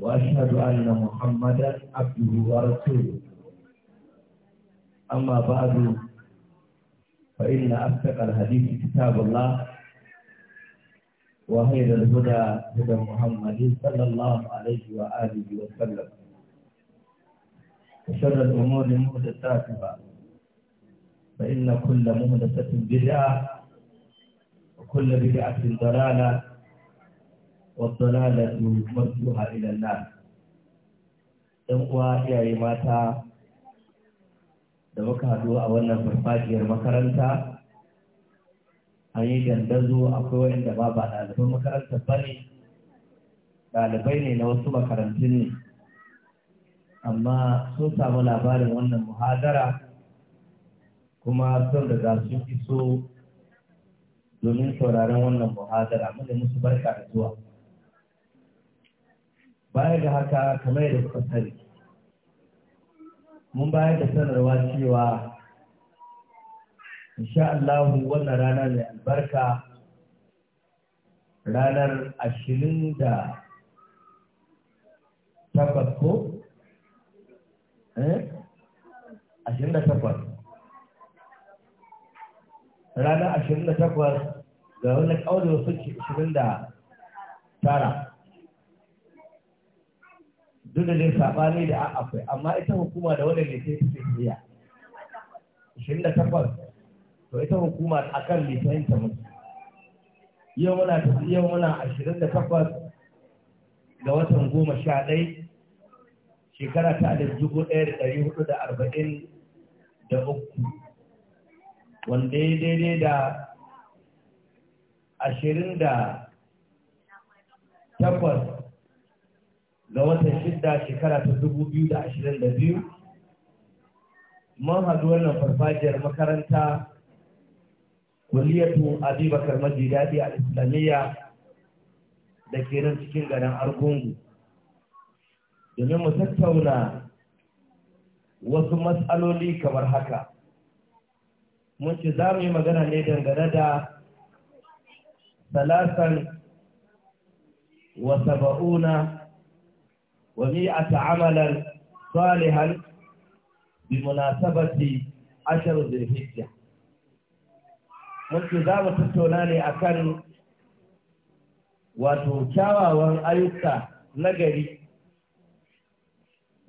وأشهد أن محمدا عبده ورسوله أما بعد فإن أصدق الحديث كتاب الله وخير الهدى هدى محمد صلى الله عليه وآله وسلم وشر الأمور محدثاتها فإن كل محدثة بدعة وكل بدعة ضلالة والضلالة مرجوها إلى الله ɗan uwa iyaye mata da muka haɗu a wannan farfajiyar makaranta an yi dandazo akwai waɗanda ba ba ɗaliban makarantar ba ne ɗalibai ne na wasu makarantun ne amma sun samu labarin wannan muhadara kuma sun za sun iso domin sauraron wannan muhadara mu musu barka da zuwa baya ga haka kamar yadda kuka sani mun bayar da sanarwa cewa insha Allah wannan rana mai albarka ranar ashirin da takwas ko? Eh? ashirin da takwas ranar ashirin da takwas ga wani ƙaunar sun ce ashirin da tara duk da dai saɓani da a akwai amma ita hukuma da wadda ne sai take biya ishirin da takwas to ita hukuma a kan litayin ta mutu yau muna yau muna ashirin da takwas ga watan goma sha ɗai shekara ta da dubu ɗaya da ɗari hudu da arba'in da uku wanda ya daidai da ashirin da takwas ga watan shida shekara ta dubu biyu da ashirin da biyu mun haɗu wannan farfajiyar makaranta kuliyatu abubakar majidadi a islamiyya da ke nan cikin garin argungu domin mu tattauna wasu matsaloli kamar haka mun ce za mu yi magana ne dangane da salasan wa saba'una ومئة عملا صالحا بمناسبة عشر ذي الحجة mun za mu tattauna ne akan wato kyawawan ayyuka na gari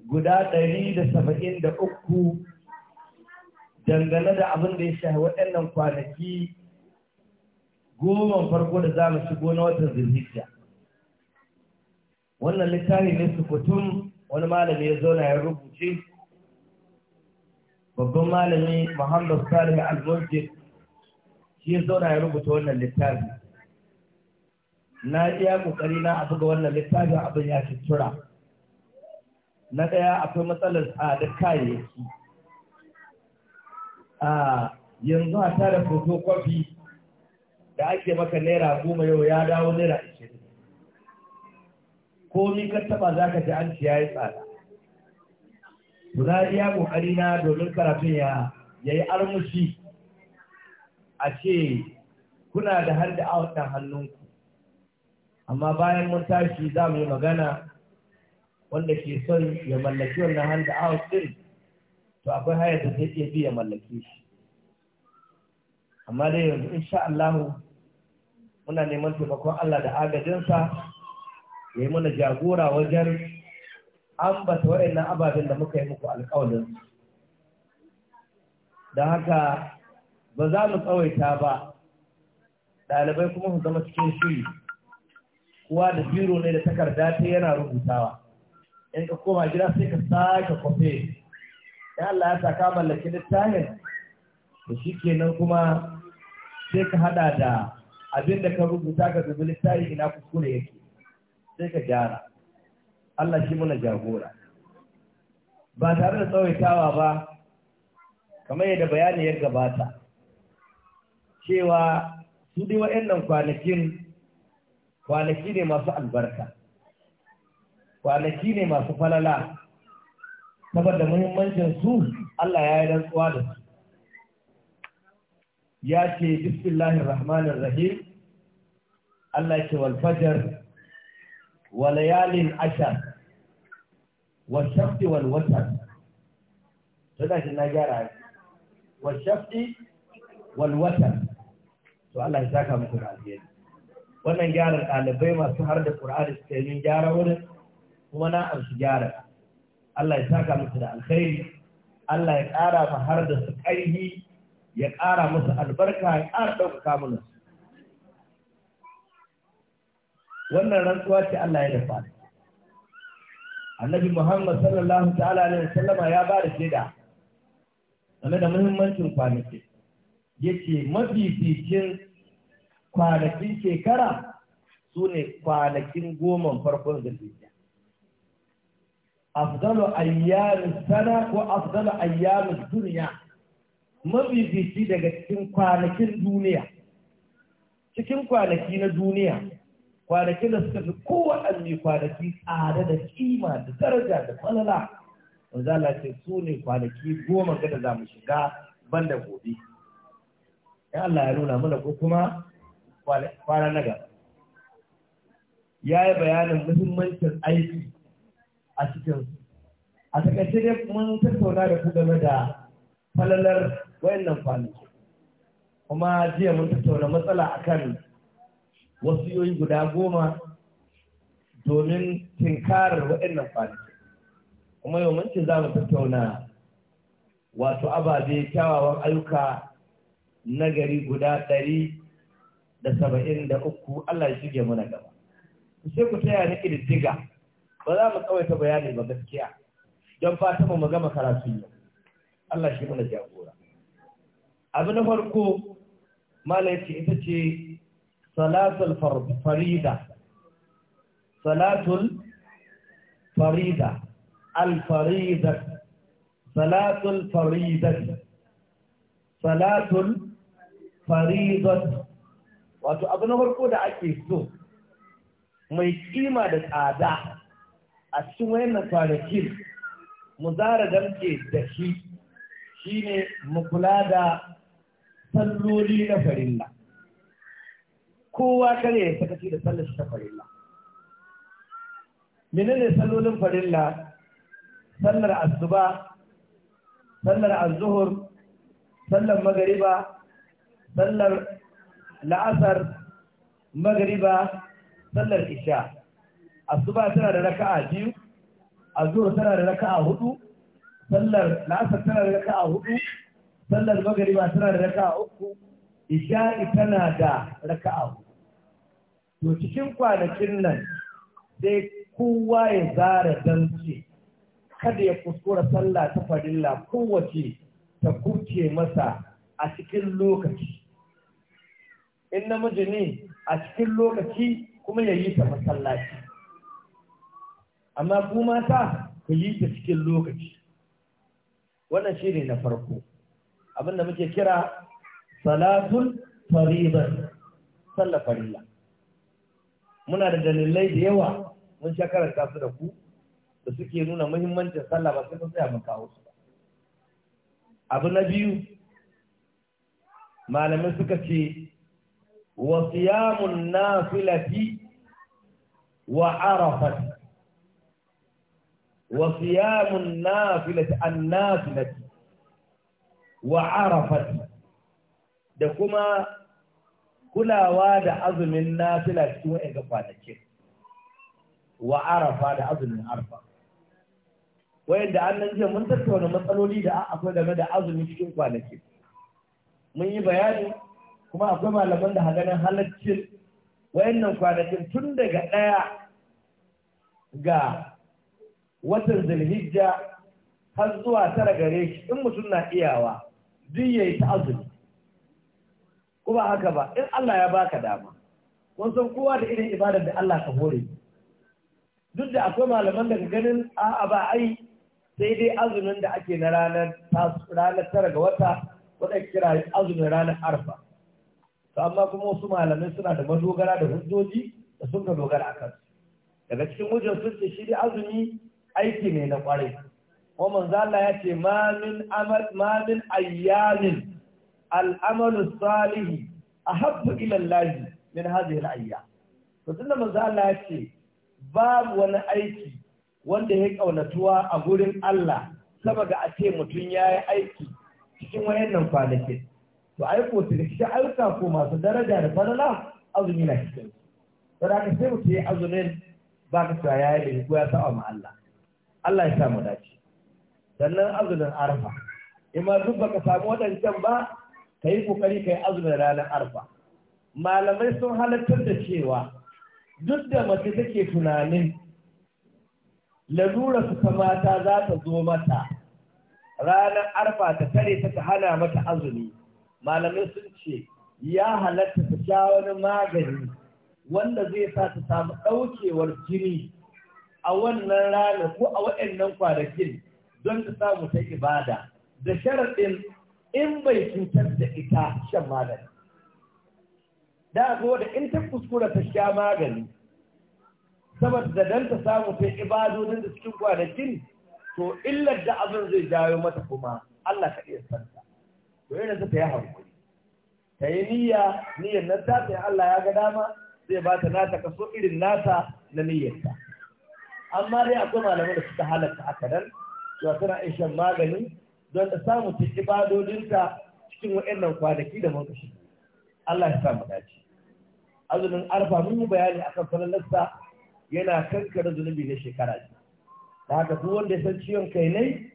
guda ɗari da saba'in da uku dangane da abin da ya shahi waɗannan kwanaki goma farko da za mu shigo na watan zirhijiya wannan littafi ne sukutum wani malami ya zauna ya rubuce babban malami muhammad salih al murji shi ya zauna ya rubuta wannan littafi na iya kokari na a buga wannan littafin abin ya cutura. na ɗaya akwai matsalar tsadar kayayyaki a yanzu a tara fotokofi da ake maka naira goma yau ya dawo naira ashirin komi ka taba za ka ji an ciya yi tsada. Tuna iya ƙoƙari na domin karatun ya yi armushi a ce kuna da har da awon hannunku. Amma bayan mun tashi za mu yi magana wanda ke son ya mallaki wannan hand da ɗin to akwai hayar da zai iya bi ya mallake shi. Amma dai yanzu insha Allah muna neman taimakon Allah da agajinsa ya yi jagora wajen ambata waɗannan ababen da muka yi muku alƙawalin da haka ba za mu tsawaita ba ɗalibai kuma su zama cikin shiri kuwa da biro ne da takarda ta yana rubutawa in ka koma gida sai ka sake kwafe ya Allah ya saka mallaki littafin da shi kenan kuma sai ka hada da abin da ka rubuta ka zubi littafin ina kuskure yake sai ka gyara Allah shi muna jagora ba tare da tsawaitawa ba kamar yadda bayani ya gabata cewa su dai waɗannan kwanakin kwanaki ne masu albarka kwanaki ne masu falala saboda muhimmancin su Allah ya yi rantsuwa da su ya ce bismillahir rahmanir rahim Allah ce wal Walayalin layalin ashar wa shafi wal watar to da na gyara wa shafi wal watar to Allah ya saka muku da alheri wannan gyaran ɗalibai masu har da Qur'ani suka yi gyara wurin kuma na amshi gyara Allah ya saka musu da alkhairi Allah ya ƙara ma har da su ƙarfi ya ƙara musu albarka ya ƙara ɗauka mana su wannan rantsuwa ce Allah ya dafa annabi Muhammad sallallahu ta'ala alaihi wasallama ya ba da shaida game da muhimmancin kwanaki yace mafificin kwanakin shekara su ne kwanakin goma farkon zulhijja afdalu ayyamis sana ko afdalu ayyamis duniya mafifici daga cikin kwanakin duniya cikin kwanaki na duniya kwanakin da suka fi kowaɗanne kwanaki tsada da kima da daraja da falala wanzu Allah ce su ne kwanaki goma ga za mu shiga ban da gobe Ya Allah ya nuna mana ko kuma kwana na gaba ya yi bayanin muhimmancin aiki a cikin a takaice dai mun tattauna da ku game da falalar wayannan kwanaki kuma jiya mun tattauna matsala akan Wasu yoyi guda goma domin tinkarar waɗannan kwanaki kuma yau mun ce za mu tattauna wato ababe kyawawan ayyuka nagari guda ɗari da saba'in da uku Allah ya shige mana gaba Ku sai ku taya ni ididdiga. ba za mu tsawaita bayani ba gaskiya don fata mu gama karatu yau Allah shi mana jagora abu na farko mala ita ce salatul farida salatul farida al-farida salatul farida salatul wato abu na farko da ake so mai kima da tsada a cikin wayannan kwanakin mu zara damke da shi shine mu kula da salloli na farilla kowa kare ya sakaci da sallar ta farilla menene sallolin farilla sallar asuba sallar azzuhur sallar magariba sallar la'asar magariba sallar isha asuba tana da raka'a biyu azzuhur tana da raka'a hudu sallar la'asar tana da raka'a hudu sallar magariba tana da raka'a uku isha'i tana da raka'a hudu to cikin kwanakin nan sai kowa ya zara danci, kada ya kuskura sallah ta farilla kowace ta kuce masa a cikin lokaci in namiji ne a cikin lokaci kuma ya yi ta masallaci amma ku mata ku yi ta cikin lokaci wannan shi ne na farko abinda muke kira salatul fariban sallar farilla muna da dalilai da yawa mun sha karanta su da ku da suke nuna muhimmancin sallah ba sai mun tsaya mun kawo su abu na biyu malamai suka ce wa siyamun nafilati wa arafat wa siyamun nafilati an nafilati wa arafat da kuma kulawa da azumin nafila cikin wa'anga kwanakin wa arafa da azumin arafa wayanda an nan jiya mun tattauna matsaloli da akwai game da azumi cikin kwanakin mun yi bayani kuma akwai malaman da haganin halaccin wayannan kwanakin tun daga ɗaya ga watan zulhijja har zuwa tara gare shi in mutum na iyawa duk yayi ta azumi ko ba haka ba in Allah ya baka dama kun san kowa da irin ibadar da Allah ka hore duk da akwai malaman daga ganin a'a ba ai sai dai azumin da ake na ranar ranar tara ga wata wadda kira azumin ranar arfa to amma kuma wasu malamai suna da madogara da hujjoji da sun ka dogara akan daga cikin wajen sun ce shi dai azumi aiki ne na kwarai kuma manzo Allah ya ce ma min amal ma min ayyamin al'amalu salihi ahabbu ila Allah min hadhihi al-ayyam to tunda manzo Allah ya ce babu wani aiki wanda ya ƙaunatuwa a gurin Allah sama ga a ce mutum ya yi aiki cikin nan kwanakin to ai da shi aika ko masu daraja da falala azumi na cikin Da ka sai mutu ya azumin ba ka tsaya ya yi ko ya saba ma Allah Allah ya sa mu dace sannan azumin arfa in duk baka samu waɗancan ba ka yi kokari ka yi azumin ranar arfa malamai sun halartar da cewa duk da mace take tunanin lalura su ta mata za ta zo mata ranar arfa ta tare ta ta hana mata azumi malamai sun ce ya halatta ta sha wani magani wanda zai sa ta samu ɗaukewar jini a wannan rana ko a waɗannan kwanakin don ta samu ta ibada da sharaɗin in bai cutar da ita shan magani da zo da in ta kuskura ta sha magani saboda dan ta samu ta ibadodin da cikin kwanakin to illar da abin zai jawo mata kuma Allah ka iya santa to irin ta yi hankali ta yi niyya niyyar nan ta sai Allah ya ga dama zai ba ta nata kaso irin nata na niyyarta amma dai akwai malamai da suka halatta akadan to suna shan magani don da samu ta ibadodinta cikin waɗannan kwanaki da muka Allah ya samu dace azumin arfa mun yi bayani akan falalarsa yana kankara zunubi na shekara ce. da haka duk wanda ya san ciwon kai ne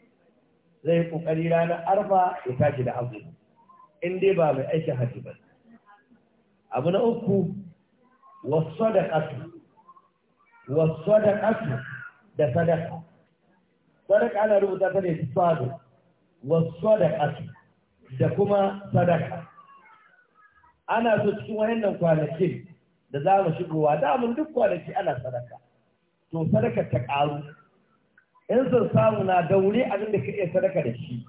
zai yi kokari ranar arfa ya tashi da azumi in dai ba mai aikin hajji ba abu na uku wasu da ƙasu wasu da ƙasu da sadaka sadaka ana rubuta ta ne fado wasadaqati da kuma sadaka ana so cikin wayannan kwanakin da za mu shigowa da mun duk kwanaki ana sadaka to sadaka ta ƙaru in sun samu na daure abin ka iya sadaka da shi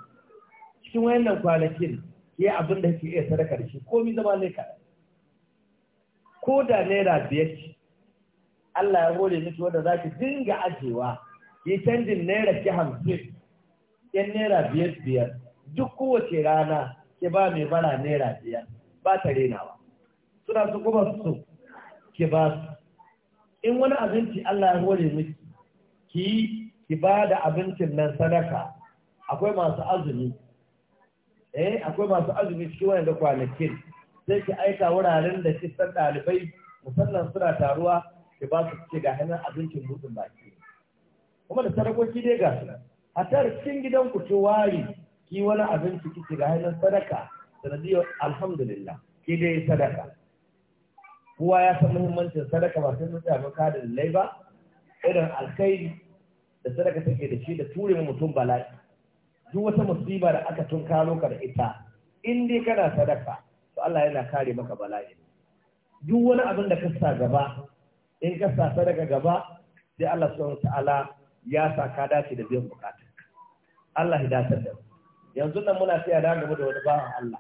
cikin wayannan kwanakin ke abin da ka iya sadaka da shi komi zama ne ka ko da naira biyar ce Allah ya gode miki wanda za ki dinga ajewa ki canjin naira ki hamsin yan naira biyar biyar duk kowace rana ke ba mai bara naira biyar ba ta renawa suna su kuma su ke ba su in wani abinci Allah ya hore miki ki yi ki ba da abincin nan sadaka akwai masu azumi eh akwai masu azumi cikin wani da kwanakin sai ki aika wuraren da ki san ɗalibai musamman suna taruwa ki ba su ce ga hannun abincin mutum baki kuma da sadakoki dai ga nan a tar cikin gidan ku ci wari ki wani abinci kike ga hailan sadaka sanadiyar alhamdulillah ki dai sadaka kowa ya san muhimmancin sadaka ba sai mun samu kada lallai ba irin alkhairi da sadaka take da shi da ture mu mutum bala'i duk wata musiba da aka tunkaro ka da ita in dai kana sadaka to Allah yana kare maka bala'i duk wani abin da ka sa gaba in ka sa sadaka gaba sai Allah subhanahu wa ta'ala ya sa ka dace da biyan bukatun Allah ya dace da yanzu nan muna siya da gaba da wani bawan Allah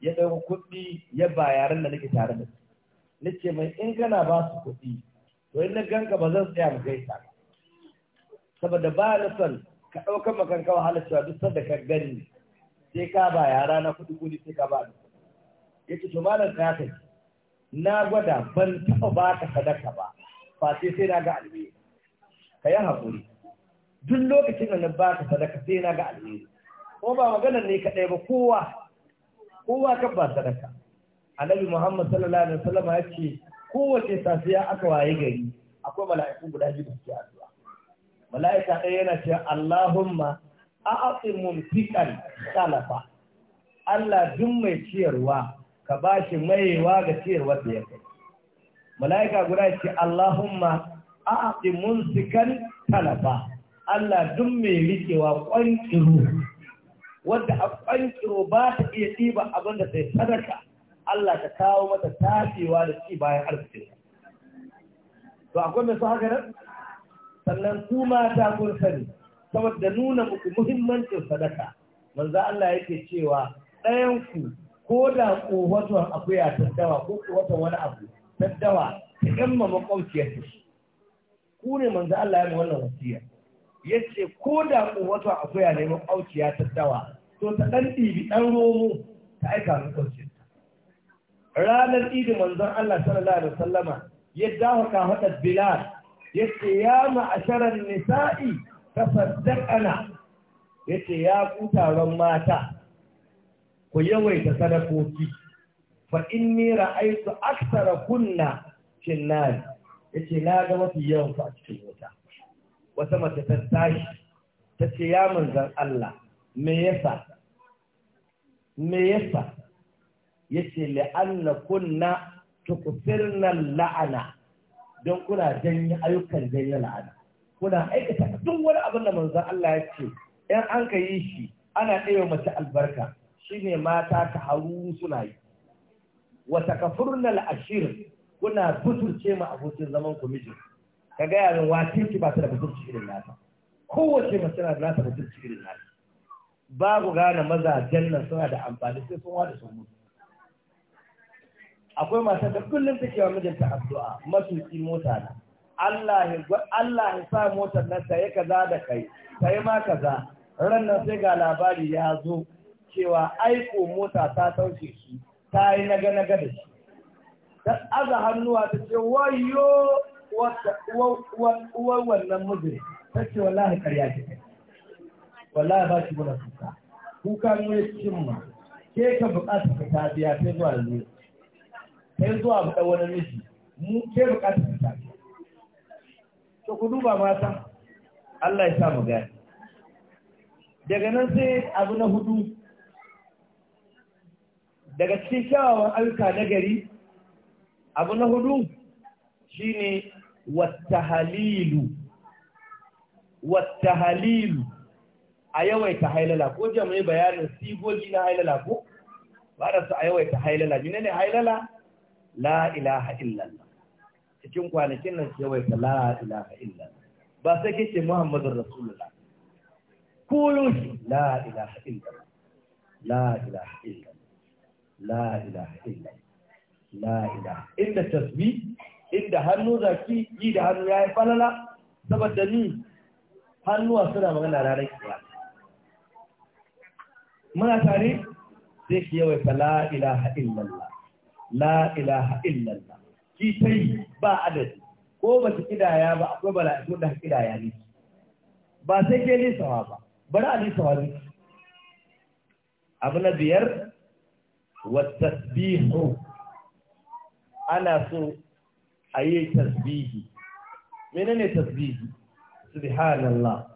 ya ɗauki kuɗi ya ba da nake tare da su nace mai in kana ba su kuɗi to in na ganka ba zan tsaya mu gaisa ba saboda ba na son ka ɗaukar makanka wahala cewa duk sanda ka gani sai ka ba yara na kuɗi kuɗi sai ka ba da ya to malam ka kai na gwada ban taɓa ba ka sadaka ba Fa sai sai na ga alheri ka yi haƙuri duk lokacin da na ba ka sadaka sai na ga alheri ko ba maganar ne kaɗai ba kowa kowa kan ba sadaka annabi muhammad sallallahu alaihi wasallam ya ce kowace safiya aka waye gari akwai mala'iku guda biyu da suke addu'a mala'ika ɗaya yana cewa allahumma a'ti mumtikan salafa Allah duk mai ciyarwa ka bashi mayewa ga ciyarwa da ya kai mala'ika guda ce allahumma a'ti munsikan talaba Allah duk mai rikewa ƙwanƙiro. wanda a ƙwanƙiro ba ta iya ɗiba abin da sai sadaka Allah ta kawo mata tafiwa da ci bayan arzikin to akwai mai su haka nan sannan ku mata kun sani saboda nuna muku muhimmancin sadaka manzo Allah yake cewa ɗayan ku ko da ƙofatuwar akuya tattawa ko ko ƙofatuwar wani abu ta dawa ta ƴan mamakauciyar shi ku ne manzo Allah ya yi wannan wasiya yace ko da ku wata akwai a neman auciya ta dawa to ta dan ɗibi dan romo ta aika mu kwanciyar ranar idin manzon Allah sallallahu alaihi wasallama ya dawo ka hada bilal yace ya ma'asharar nisa'i tasaddaqana yace ya ku taron mata ku yawaita sadakoki fa inni ra'aytu aktsara kunna finnari ya na ga mafi yawan su a cikin wuta wata mace ta tashi ta ce ya manzan Allah me yasa me yasa ya ce la'anna kunna tukfirna la'ana don kuna janye ayyukan janye la'ana kuna aikata duk wani abin da manzan Allah ya ce in an ka yi shi ana ɗaya mace albarka shine mata ta haru suna yi wata kafurna ashir kuna buturce ma abokin zaman ku ka gaya min wace ki ba ta da buturci irin nata kowace mace na da nata buturci irin nata babu gane mazajen nan suna da amfani sai sun wada sun mutu akwai masu da kullum take wa mijinta addu'a matuƙi mota na Allah ya Allah ya sa motar nan ta yi kaza da kai sai ma kaza ran nan sai ga labari ya zo cewa aiko mota ta sauke shi ta yi naga naga da shi ta aza hannuwa ta ce wayo wannan mujiri ta ce wallahi karya ce kai wallahi ba shi muna kuka kuka ne cikin ma ke ka bukata ka ta biya ta zuwa da zuwa yi zuwa buɗa wani miji mu ke bukata ka ta biya to ku duba mata Allah ya sa mu gani daga nan sai abu na hudu daga cikin kyawawan ayyuka na gari abu na hudu shi ne wattahalilu wattahalilu a yawaita hailala ko jami'ai bayanin sigogi na hailala ko ba da su a yawaita hailala mine ne hailala la ilaha illallah cikin kwanakin nan su yawaita la ilaha illallah ba sai kike muhammadu rasulullah kulun la ilaha illallah la ilaha illallah la ilaha illallah la ila, inda tasbi, inda hannu zaki yi da hannu yayi falala saboda ni hannuwa suna magana ranar kiyama muna tare sai ki yawaita la ilaha lalla, la ilaha lalla, ki yi ba adadi ko ba ki kidaya ba akwai bala'iku da kidaya ne ba sai ke nisawa ba bari a lisawa ne abu na biyar wa tasbihu ana so a yi tasbihi menene tasbihi subhanallah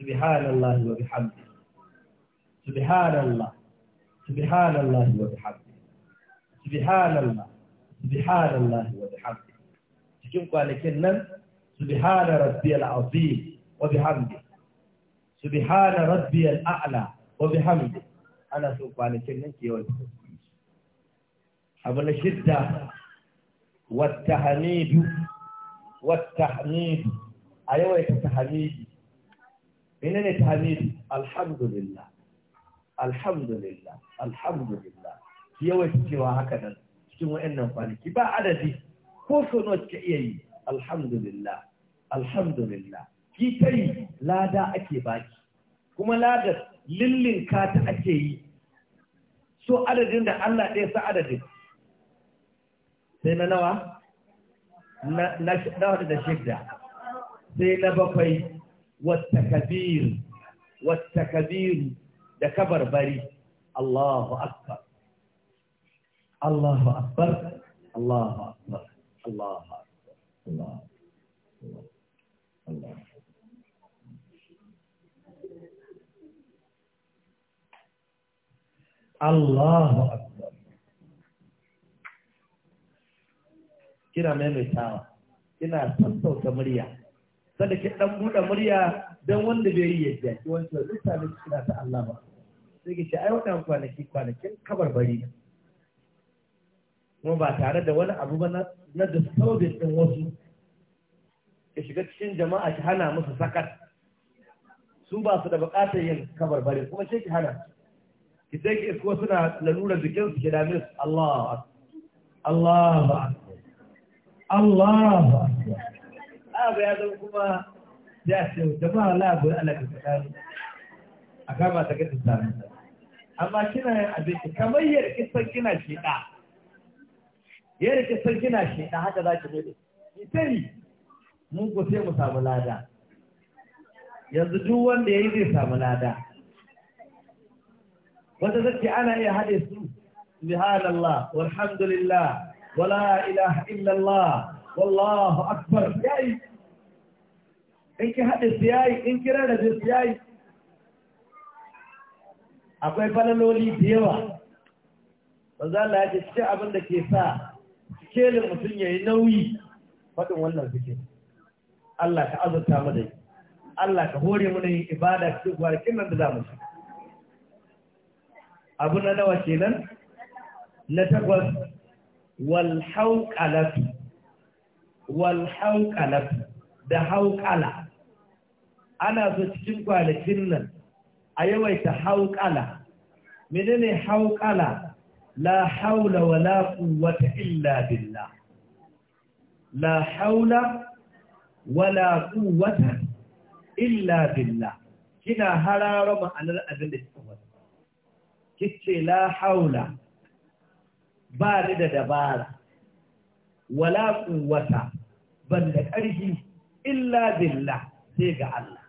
subhanallah wa bihamdi subhanallah subhanallah wa bihamdi subhanallah subhanallah wa bihamdi cikin kwanakin nan subhana rabbiyal azim wa bihamdi subhana rabbiyal a'la wa bihamdi ana so kwanakin nan ke yawan abu na shidda wattahamidu wattahamidu ayawa ita tahamidu ina ne tahamidu alhamdulillah alhamdulillah alhamdulillah yawa ita cewa haka nan cikin wa'in nan kwanaki ba adadi ko so na wacce iya yi alhamdulillah alhamdulillah fi ta yi lada ake baki kuma ladar lillin kata ake yi so adadin da allah ɗaya sa adadin sai na nawa na hudu da shidda sai na bakwai wata kabiru wata kabiru da kabarbari Allahu akbar Allahu akbar Allahu akbar Allahu akbar Allahu akbar Allahu akbar Allahu akbar kina maimaitawa kina sassauta murya sanda ki dan buɗe murya dan wanda bai yi yadda ki wanda zai sami kina ta Allah ba sai ki ce ai wannan kwanaki kwanakin kabarbari ne kuma ba tare da wani abu ba na disturbing din wasu ki shiga cikin jama'a ki hana musu sakat su ba su da bukatar yin kabarbari kuma sai ki hana ki sai ki isko suna lalurar jikinsu ki dame su Allah Allah Allah. akbar ya zama kuma ya jama'a labar alaƙa tsakani a kama ta amma kina yin abinci kamar yadda kisan kina shiɗa yadda kisan kina shiɗa haka za ki bude ita mun ku sai mu samu lada yanzu duk wanda ya yi zai samu lada wata zaki ana iya haɗe su Allah, walhamdulillah wala ilaha illallah wallahu akbar yayi in ki haɗe su yayi in kira da su yayi akwai falaloli da yawa ba za la yace cikin abin da ke sa sikelin mutum ya yi nauyi faɗin wannan suke Allah ka azurta mu da yi Allah ka hore mu da yin ibada cikin kwanakin da za mu shi abu na nawa kenan na takwas Walhaukalatu, walhaukalatu da haukala, ana so cikin kwanakin nan a yawaita haukala. menene haukala la haula wala quwwata illa billah la haula wala quwwata illa billah kina hararo ma'anar abin da kika faɗa kice la haula ba ni da dabara wala quwwata ban da ƙarfi illa billah sai ga Allah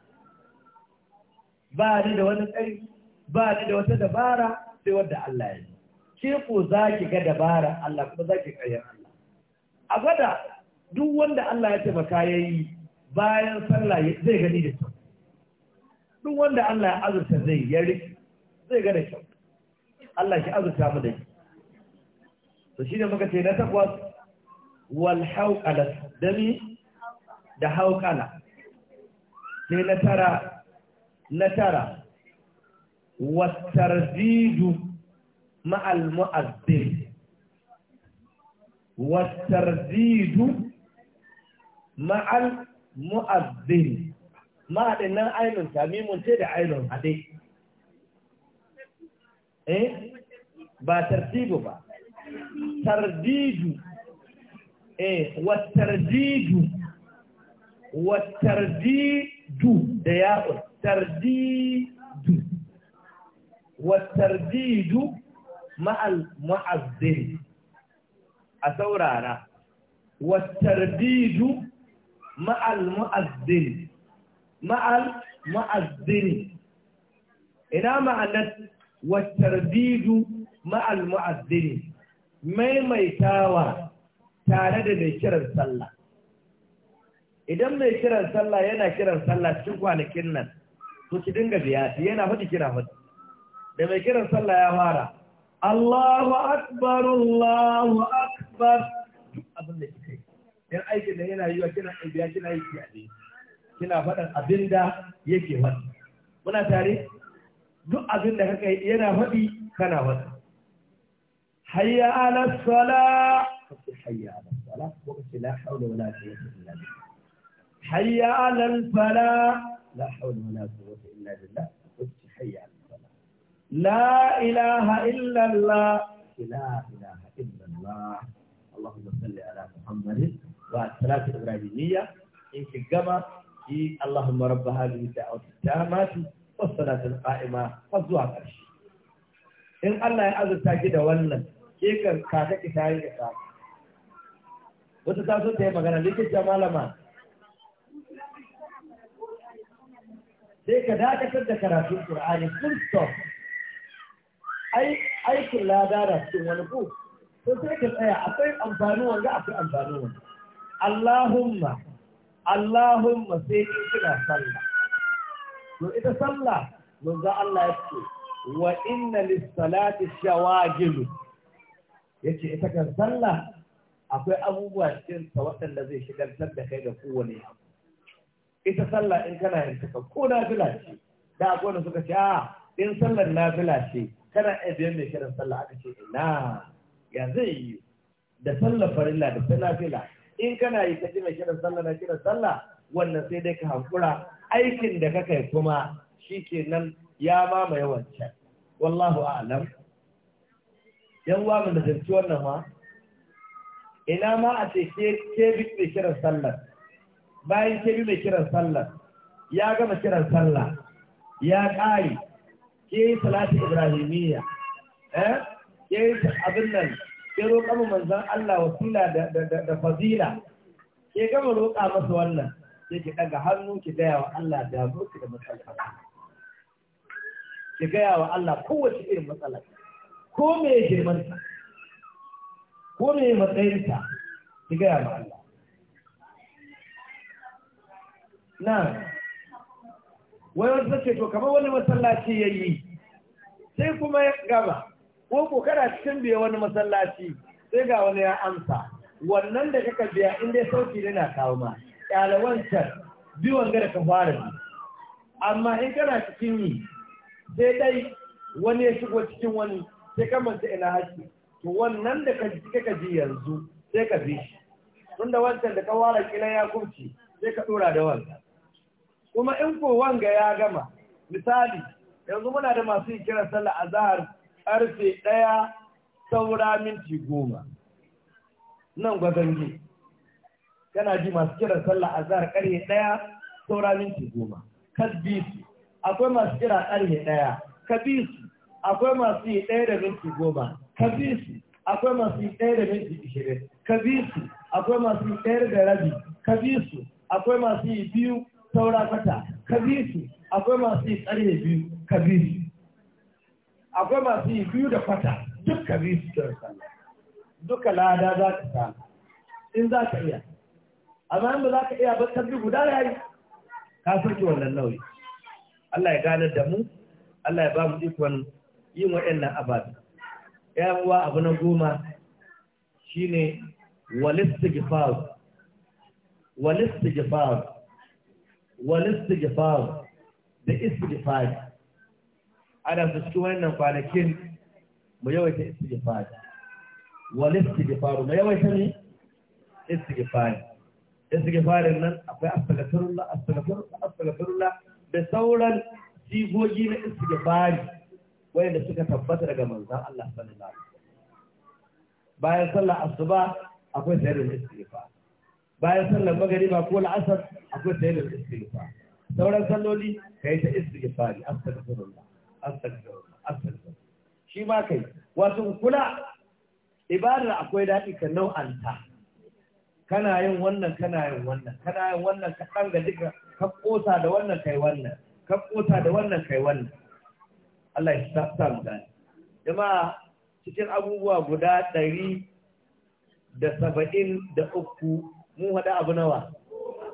ba ni da wani ƙarfi ba ni da wata dabara sai wanda Allah ya yi ke ko za ki ga dabara Allah kuma za ki ƙayyar Allah a gwada duk wanda Allah ya taimaka ya yi bayan sallah zai gani da kyau duk wanda Allah ya azurta zai ya zai ga da kyau Allah ya azurta mu da shi to shi ne muka ce na takwas wal haukala dami da haukala. sai na tara na tara wattarzidu ma'al mu'azzin wattarzidu ma'al mu'azzin ma'adin nan ainihin samimun ce da ainihin haɗe eh ba tartibu ba tardiju eh watardiju watardidu da ya'un tardidu ma'al mu'azzin a saurara watardidu ma'al mu'azzin ma'al mu'azzin ina ma'anar watardidu ma'al mu'azzin maimaitawa tare da mai kiran sallah idan mai kiran sallah yana kiran sallah cikin kwanakin nan to ki dinga biya yana faɗi kira faɗi da mai kiran sallah ya fara Allahu akbar Allahu akbar abin da kike yan aikin da yana yi wa kina biya kina yi kiyaye kina faɗan abin da yake faɗi muna tare duk abin da kaka yana faɗi kana faɗi حي على الصلاة حي على الصلاة وقت لا حول ولا قوة إلا بالله حي على الفلاح لا حول ولا قوة إلا بالله قلت حي على الصلاة لا إله إلا الله لا إله إلا الله اللهم صل على محمد وعلى الصلاة الإبراهيمية إن في الجمع في اللهم رب هذه الدعوة التامة والصلاة القائمة الشيخ إن الله يعز تاكيد ولن ke kan kaga ki tare da ka wata ta so ta yi magana likita malama sai ka dakatar da karatun Qur'ani full stop ai aikin lada da cikin wani ku to sai ka tsaya akwai amfani wanga akwai amfani wanda Allahumma Allahumma sai in kina sallah to ita sallah manzo Allah ya ce wa inna lis-salati shawajilu yace ita kan sallah akwai abubuwa cikin ta waɗanda zai shigantar da kai da kowane ita sallah in kana yin ta ko nafila ce da akwai wanda suka ce a ah, in sallar nafila ce kana iya biyan mai kiran sallah aka ce ina ya zai yi da sallar farilla da sallar fila in kana yi ka ji mai kiran sallah na kiran sallah wannan sai dai ka hankura aikin da ka kai kuma shi ke nan ya mamaye wancan wallahu a'lam yan uwa mu nazarci wannan ma ina ma a ce ke bi mai kiran sallar bayan ke bi mai kiran sallar ya gama kiran sallah ya ƙari ke yi salatu ibrahimiyya eh ke yi abin nan ke roƙa mu manzon Allah wasila da fazila ke gama roƙa masa wannan sai ki daga hannu ki gaya wa Allah da ki da matsalar ki gaya wa Allah kowace irin matsalar ko me girmanta ko me matsayinta ki gaya ma Allah na wai wata ce to kamar wani masallaci ya yi sai kuma ya gaba ko kana cikin biya wani masallaci sai ga wani ya amsa wannan da kaka biya in dai sauki ne na kawo ma can biyu gada ka fara bi amma in kana cikin yi sai dai wani ya shigo cikin wani sai ka manta ina hashi to wannan da ka ji ka ji yanzu sai ka bi shi tunda wancan da ka ware kila ya kurci sai ka dora da wannan kuma in ko wanga ya gama misali yanzu muna da masu yin kiran sallah azhar karfe ɗaya saura minti goma nan gwazange kana ji masu kira sallah azhar karfe ɗaya saura minti goma ka bi su akwai masu kira karfe ɗaya ka bi su akwai masu yi ɗaya da minti goma ka bi su akwai masu yi ɗaya da minti ishirin ka bi su akwai masu yi ɗaya da rabi ka bi su akwai masu yi biyu saura kwata ka bi su akwai masu yi tsare biyu ka bi su akwai masu yi biyu da kwata duk ka bi su sallah duka lada za ka samu in za ka iya amma in ba za ka iya ba ka bi guda yayi ka soke wannan nauyi Allah ya ganar da mu Allah ya ba mu ikon yin waɗannan ababe ‘yan uwa abu na goma shine walistigifar walistigifar walistigifar da istigifari ana su cikin wannan kwanakin mu yawaita istigifari walistigifaru mu yawaita ne istigifari istigifarin nan akwai astagatarullah astagatarullah astagatarullah da sauran sigogi na istigifari wanda suka tabbata daga manzan Allah sallallahu alaihi wasallam bayan sallar asuba akwai sayyidul istighfar bayan sallar ba ko la'asar akwai sayyidul istighfar sauran salloli kai ta istighfari astaghfirullah astaghfirullah astaghfirullah shi ma kai wato kula ibadar akwai daɗi ka nau'anta kana yin wannan kana yin wannan kana yin wannan ka danga duka ka kosa da wannan kai wannan ka kosa da wannan kai wannan Allah ya sa mu gane jama'a cikin abubuwa guda ɗari da saba'in da uku mun haɗa abu nawa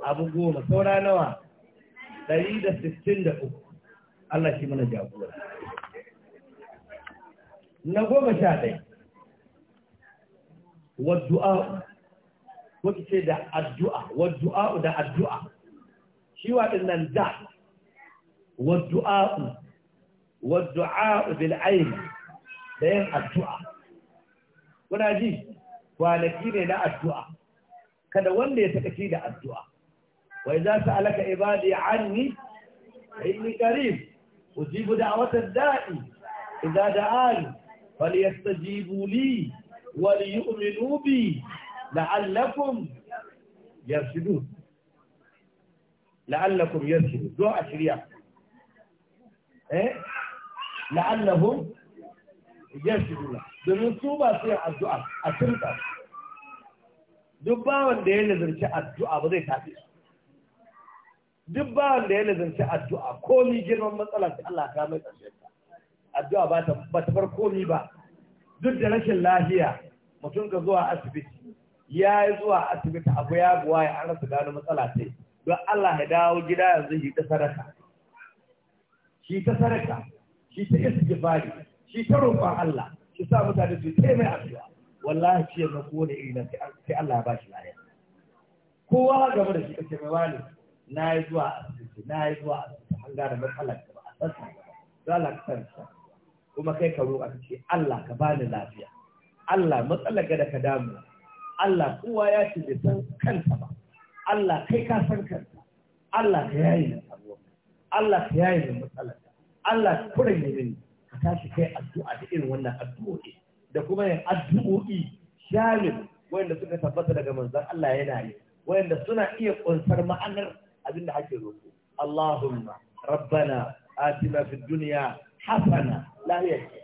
abu goma saura nawa ɗari da sittin da uku Allah shi mana jagora na goma sha ɗaya wadda'a wata ce da addu'a wadda'a da addu'a shi nan da wadda'a'u والدعاء بالعين بين الدعاء ونادي ولكن لا الدعاء كذا وين يتكيد الدعاء وإذا سألك عبادي عني إني كريم أجيب دعوة الدائي إذا دعاني فليستجيبوا لي وليؤمنوا بي لعلكم يرشدون لعلكم يرشدون دعاء شريعة إيه la'allahum yashkuruna domin su ba su yin addu'a a turka duk bawan da ya nazarci addu'a ba zai tafi su duk bawan da ya nazarci addu'a komi girman matsala da Allah ta mai ƙarshen addu'a ba ta ba ta bar komi ba duk da rashin lafiya mutum ka zuwa asibiti ya yi zuwa asibiti abu ya buwa ya an rasa gano matsala sai don Allah ya dawo gida yanzu shi ta sadaka shi ta sadaka shi ta istighfari shi ta roƙon Allah shi sa mutane su ta mai addu'a wallahi shi yanzu ko da irin sai Allah ya ba shi lafiya kowa gaba da shi kace mai wani na yi zuwa asibiti na yi zuwa asibiti an gane matsalar ba a sassa ba za ka san kuma kai ka roƙa ka ce Allah ka bani lafiya Allah matsalar ga da ka damu Allah kowa ya ce bai san kanta ba Allah kai ka san kanta Allah ka yayi na Allah ka yayi na matsalar Allah kuren yi zai ka tashi kai addu'a da irin wannan addu'o'i da kuma yin addu'o'i shamil wanda suka tabbata daga manzon Allah yana yi wanda suna iya kunsar ma'anar abin da ake roƙo Allahumma rabbana atina fid dunya hasana la yakfi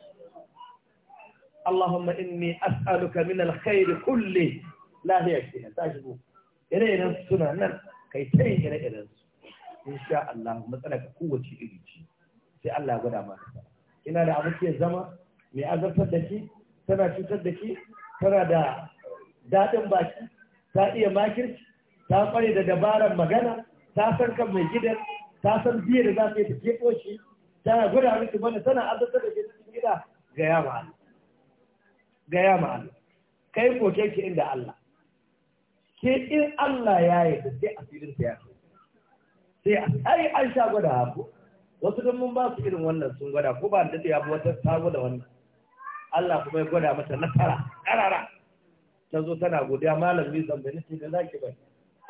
اللهم إني أسألك من الخير كله لا يكفينا تاجبو إلى إلى السنة كي تي إلى su, إن شاء الله مثلا iri إليتي sai Allah ya gwada maka ina da ke zama mai azabtar da ki tana cutar da ki tana da daɗin baki ta iya makirci ta kware da dabarar magana ta san kan mai gidan ta san biye da za ta yi ta keɓo tana gwada miki mana tana azabtar da ke cikin gida ga ma Allah ga ma Allah kai koke ki inda Allah ke in Allah ya yi da sai asirin ta ya sai ai an sha gwada haku wasu don mun ba su irin wannan sun gwada ko ba da ya fi wata sabo da wannan Allah kuma ya gwada mata nasara karara ta zo tana godiya malam Zambe zamba ne da zaki bai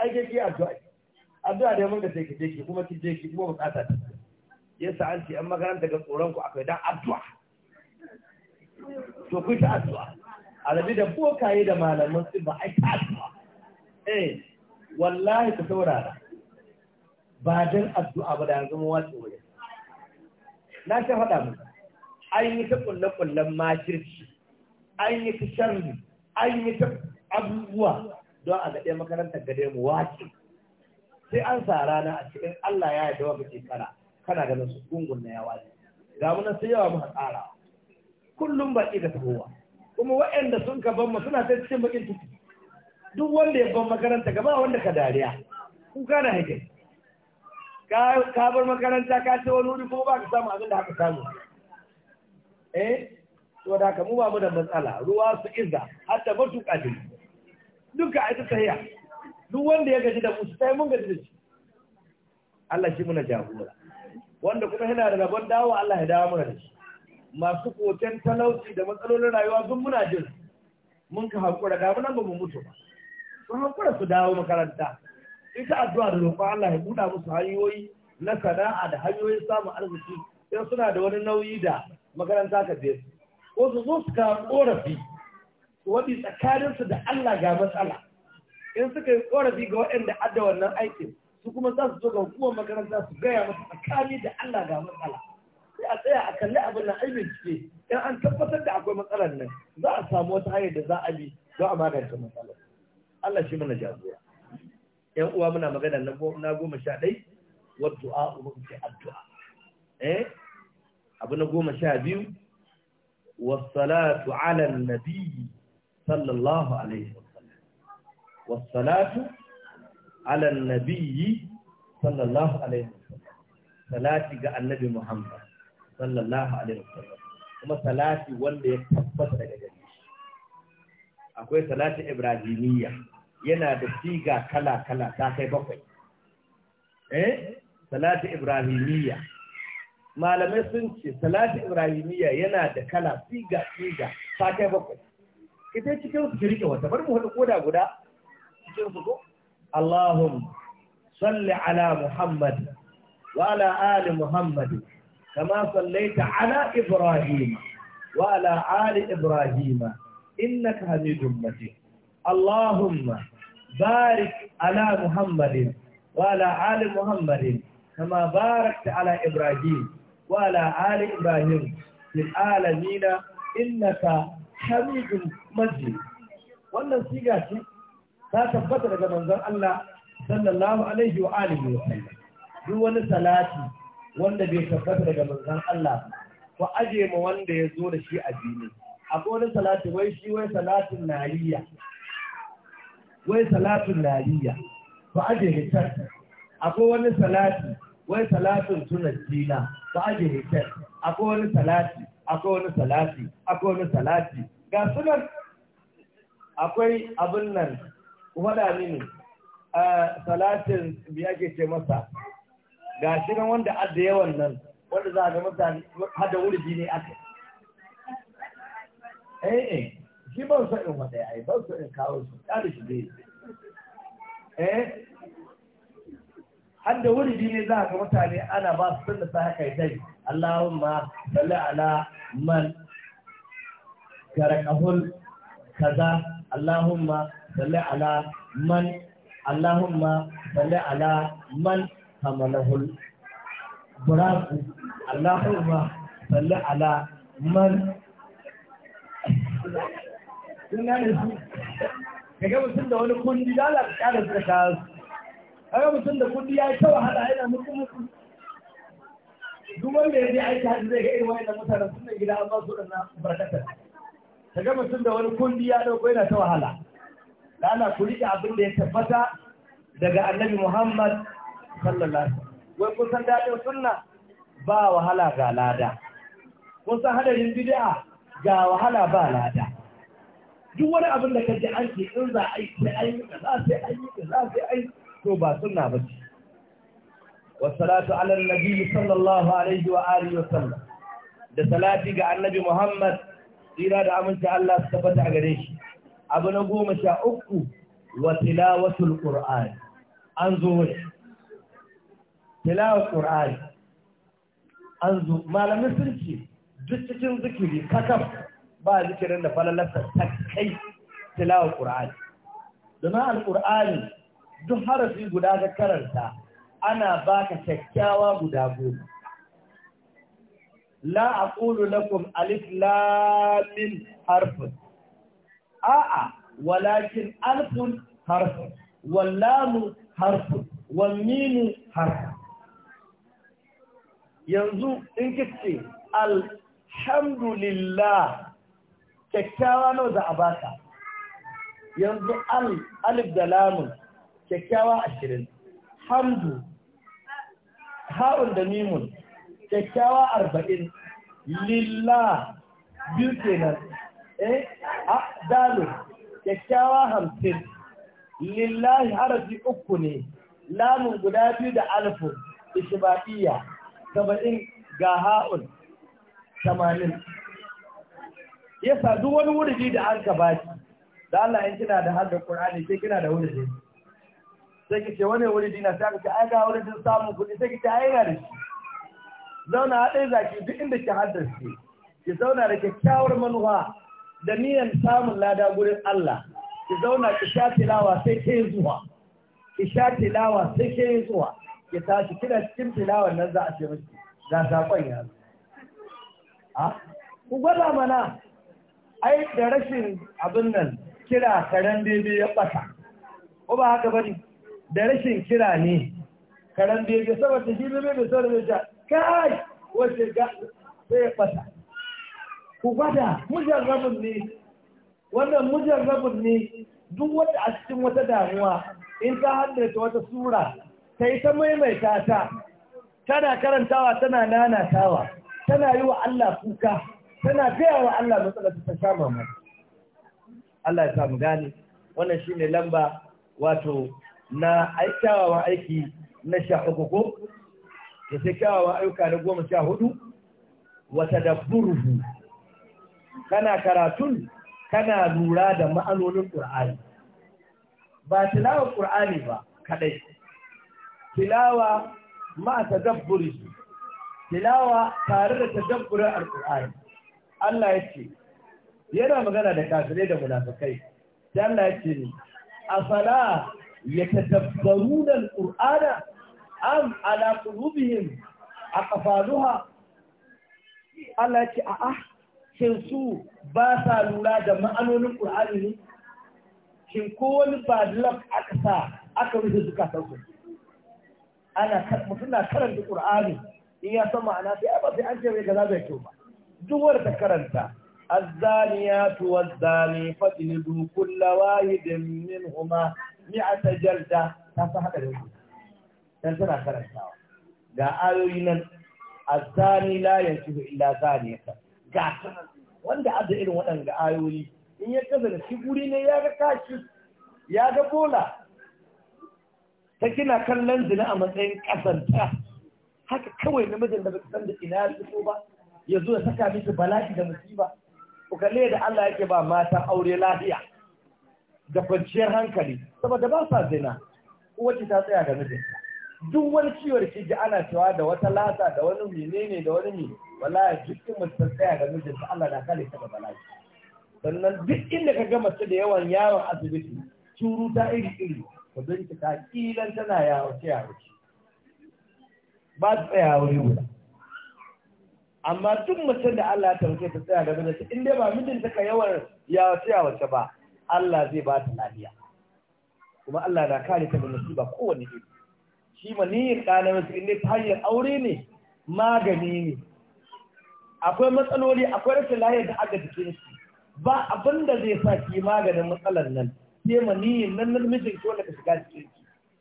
ai ke ki addu'a addu'a da mun da take ki je ki kuma ki je ki kuma bukata ta yasa an ce an makaranta ga tsoron ku akwai dan addu'a to ku ta addu'a alabi da bokaye da malaman su ba ai ta addu'a eh wallahi ku saurara ba dan addu'a ba da yanzu mu wace wurin na sha faɗa mu an yi ta ƙulle-ƙullen makirci an yi ta sharri an yi ta abubuwa don a gaɗe makarantar gade mu wace sai an sa rana a cikin Allah ya yarda wa shekara kana ganin su gungun na yawa ne ga mu sai yawa muka tsara kullum baki ga tahowa kuma waɗanda sun ka ban mu suna ta cikin bakin tuki duk wanda ya ban makaranta gaba wanda ka dariya kuka na hake ka bar makaranta ka ce wani wuri ko ba ka samu abin da aka samu eh to da ka mu ba mu da matsala ruwa su iza hatta matuƙa kadin duka ai ta tsaya duk wanda ya gaji da mu sai mun gaji da shi Allah shi muna jagora wanda kuma yana da rabon dawo Allah ya dawo mana da shi masu koken talauci da matsalolin rayuwa sun muna jin mun ka haƙura da mu nan ba mu mutu ba sun hakura su dawo makaranta ita addu'a da roƙon Allah ya buɗa musu hanyoyi na sana'a da hanyoyin samun arziki sai suna da wani nauyi da makaranta ka je ko su zo su kawo ƙorafi wani tsakaninsu da Allah ga matsala in suka yi ƙorafi ga waɗanda adda wannan aikin su kuma za su zo ga hukumar makaranta su gaya masa tsakani da Allah ga matsala sai a tsaya a kalli abin nan ai bincike in an tabbatar da akwai matsalar nan za a samu wata hanyar da za a bi don a magance matsalar Allah shi mana jagora yan uwa muna magana na goma sha ɗai wadda du'a uba ku addu'a eh abu na goma sha biyu wasalatu alal nabi sallallahu alaihi wasalatu alal nabi sallallahu alaihi salati ga annabi muhammad sallallahu alaihi kuma salati wanda ya tabbata daga gare akwai salati ibrahimiyya yana da siga kala-kala ta kai bakwai. Eh, salati Ibrahimiyya. Malamai sun ce salati Ibrahimiyya yana da kala siga-siga ta kai bakwai. Ita cikin su kirke wata bar mu hudu koda guda cikin su ko? Allahum salli ala Muhammad wa ala ali Muhammad kama sallaita ala Ibrahim wa ala ali Ibrahim innaka Hamidum Majid. اللهم بارك على محمد وعلى آل محمد كما باركت على إبراهيم وعلى آل إبراهيم في العالمين إنك حميد مجيد wannan siga ce ta tabbata daga manzon Allah sallallahu alaihi wa alihi wa sallam duk wani salati wanda bai tabbata daga manzon Allah ko aje ma wanda ya zo da shi a dini akwai wani salati wai shi wai salatin nariya wai salatun lariya ba aje hitar akwai wani salati wai salatun jina ba aje hitar akwai wani salati akwai wani salati akwai wani salati ga sunan akwai abin nan ku faɗa mini salatin bi ake ce masa ga shi nan wanda adda yawan nan wanda za a ga mutane hada wurji ne aka eh eh shi ban so in wada yayi ba su in kawo su kare shi dai eh har da wuri ne za ga mutane ana ba su sunna sa haka dai Allahumma salli ala man garakahul kaza Allahumma salli ala man Allahumma salli ala man hamalahul buraku Allahumma salli ala man sun gane su kaga mutum da wani kundi da Allah ka da suka kawo kaga mutum da kundi ya yi ta wahala yana mutum mutum duk wanda ya je aiki hajji zai ga irin wayannan mutanen sunan gida an ba su da na barkatar kaga mutum da wani kundi ya dauko yana ta wahala da Allah ku rike abin da ya tabbata daga Annabi Muhammad sallallahu alaihi wasallam wai kusan daɗin dadin sunna ba wahala ga lada kun san hadarin bid'a ga wahala ba lada duk wani abin da kaji an ce in za a yi sai an yi kaza sai an yi kaza sai an yi to ba sunna ba ce salatu ala nabi sallallahu alaihi wa alihi wa sallam da salati ga annabi muhammad tsira da aminci Allah su tabbata a gare shi abu na goma sha uku wa tilawatul qur'an an zo ne tilawar qur'an an zo malamin sun ce duk cikin zikiri kakaf ba zikirin da falalarsa ta kai tilawar ƙura'ani. domin alƙur'ani duk harafi guda ga karanta ana baka kyakkyawa guda goma la na lakum alif lamin harfin. harfun a'a walakin alfun harfun wallamu harfun wamminu harfun yanzu in kice alhamdulillah kyakkyawa nawa za a baka yanzu alif da lamun kyakkyawa ashirin hamdu ha'un da mimun kyakkyawa arba'in lilla biyu kenan eh dalu kyakkyawa hamsin lillahi harafi uku ne lamun guda biyu da alifu ishbaɗiya saba'in ga ha'un tamanin Ya duk wani wuridi da an ka baki da Allah in kina da hadda Qur'ani sai kina da wuridi sai kike wani wuridi na sai kike ai ga wuridin samun kuɗi sai kike ai ga da shi zauna haɗe zaki duk inda ki shi ki zauna da kyakkyawar manufa da niyan samun lada gurin Allah ki zauna ki sha tilawa sai ke zuwa ki sha tilawa sai ke zuwa ki tashi kina cikin tilawar nan za a ce miki za ta yanzu ha ah, ku gwada mana ai da rashin abin nan kira karen bebe ya ɓata ko ba haka ne da rashin kira ne karen bebe saboda shi bebe bai saboda zai kai wace ga sai ya ɓata ku gwada rabin ne wannan rabin ne duk wata a cikin wata damuwa in ta haddace wata sura ta yi ta maimaita ta tana karantawa tana nanatawa tana yi wa Allah kuka tana gaya wa Allah matsala ta sha mamaki Allah ya samu gane wannan shine lamba wato na kyawawan aiki na sha uku ko da sai kyawawan ayyuka na goma sha hudu wata tadabburu kana karatun kana lura da ma'anonin ƙur'ani ba tilawa ƙur'ani ba kaɗai tilawa ma tadabburi tilawa tare da tadabburin alƙur'ani Allah ya ce yana magana da kafirai da munafikai da Allah ya ce ne afala yatadabbaruna alqur'ana am ala qulubihim aqfaluha Allah ya ce a'a shin su ba sa lura da ma'anonin qur'ani ne shin ko wani ba lab aka sa aka rufe zukatansu ana mutum na karanta qur'ani in ya san ma'ana sai ba sai an ce mai gaza bai kyau ba duwar ta karanta azzaniyatu wazzani fajlidu kulla wahidin min huma mi'ata jalda ta san hada da dan tana karantawa ga ayoyi nan la yanshu illa zaniyata ga wanda abda irin ga ayoyi in ya kaza da shi guri ne ya ga kashi ya ga bola ta kina kallon zina a matsayin kasanta haka kawai namijin da bai san da ina ya ba ya zo ya saka miki bala'i da musiba ku kalle da Allah yake ba mata aure lafiya da kwanciyar hankali saboda ba sa zina wacce ta tsaya da mijinta duk wani ciwon ki ji ana cewa da wata lasa da wani menene da wani ne wallahi duk mace ta tsaya da mijinta Allah na kare ta da bala'i sannan duk inda ka ga mace da yawan yaron asibiti turu ta iri iri ku ta kilan tana yawo ce yawo ba tsaya wuri guda amma duk mace da Allah ya ta tsaya da mijinta in dai ba mijinta ka yawan ya tsaya wace ba Allah zai ba ta lafiya kuma Allah na kare ta daga nasiba kowane iri shi ma ni kana in dai ta hanyar aure ne magani ne akwai matsaloli akwai rashin lafiya da aka jikin shi ba abinda zai sa ki maganin matsalar nan sai ni nan nan mijin ki wanda ka shiga cikin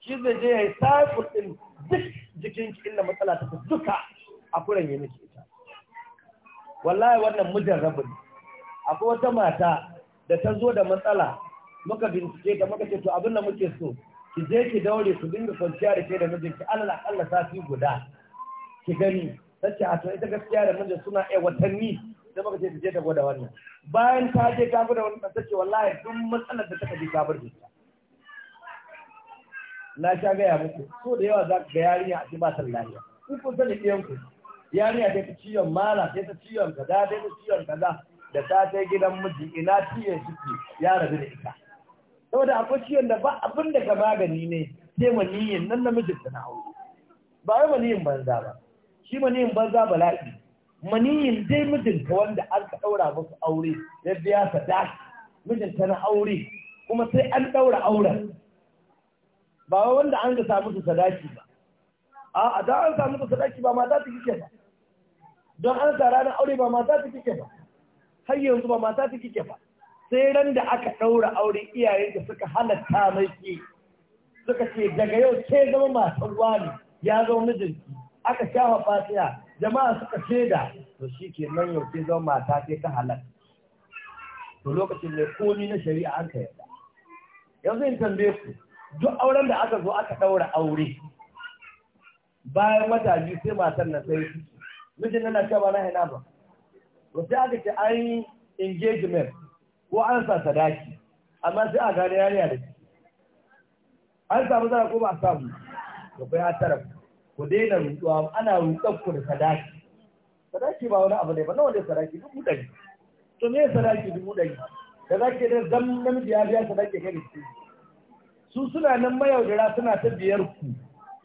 ki shi zai je ya yi safin din duk jikin ki inda matsala ta duka a kuren ya miki wallahi wannan mujarrabu ne akwai wata mata da ta zo da matsala muka bincike ta muka ce to abin da muke so ki je ki daure su dinga kwanciya da ke da mijinki alal akalla sati guda ki gani sace a to ita gaskiya da mijin suna ai watanni da muka ce ta je ta gwada wannan bayan ta je ta gwada wannan ta ce wallahi duk matsalar da ta ji ta bar na sha gaya muku so da yawa za ka ga yarinya a ce ba ta lafiya ku kun sani ɗiyan ku yarinya ta ciwon mala sai ta ciwon kaza sai ta ciwon kaza da ta ta gidan miji ina tiye suke ya rabu da ita saboda akwai ciwon da ba abin da ka magani ne sai maniyin nan namijin ta na aure ba wai maniyin banza ba shi maniyin banza bala'i maniyin dai mijinta wanda an ka ɗaura musu aure ya biya sadaki mijinta na aure kuma sai an ɗaura auren ba wanda an ka samu su sadaki ba a da an samu da sadaki ba mata ta kike ba don an sa ranar aure ba mata ta kike ba har yanzu ba mata ta kike ba sai ran da aka ɗaura aure iyayen da suka halatta mai suka ce daga yau ke zama matan wani ya zama mijinki aka shafa fasiya jama'a suka shaida to shi ke nan yau ke zama mata ce ta halal to lokacin ne komi na shari'a an ka yarda yanzu in tambaye ku duk auren da aka zo aka ɗaura aure bayan wata biyu sai matan na sai mijin nan cewa na hina ba to sai aka ce an yi engagement ko an sa sadaki amma sai a gane yariya da shi an samu zara ko ba a samu da kai a tara ku daina rutuwa ana rutsar ku da sadaki sadaki ba wani abu ne ba nawa ne sadaki dubu ɗari to me sadaki dubu ɗari da za ke da zan namiji ya biya sadaki kai da su suna nan mayaudara suna ta biyar ku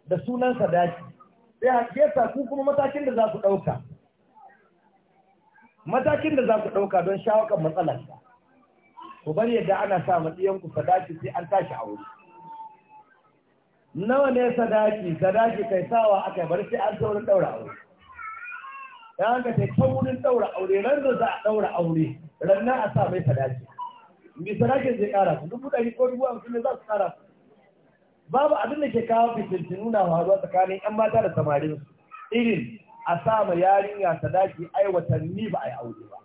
da sunan sadaki sai kesa ku kuma matakin da za ku ɗauka matakin da za ku ɗauka don shawakan matsalar matsalar ku bar yadda ana sa matsiyanku sadaki sai an tashi a wuri nawa ne sadaki sadaki kai sawa aka bar sai an taura daura aure ya haka sai ta wurin daura aure ran da za a daura aure rannan a sa mai sadaki mai sadaki zai ƙara su dubu ɗari ko dubu hamsin ne za su ƙara su babu abin da ke kawo fitintinu na faruwa tsakanin yan mata da samarin irin a sa ma yarinya sadaki ai watanni ba a yi aure ba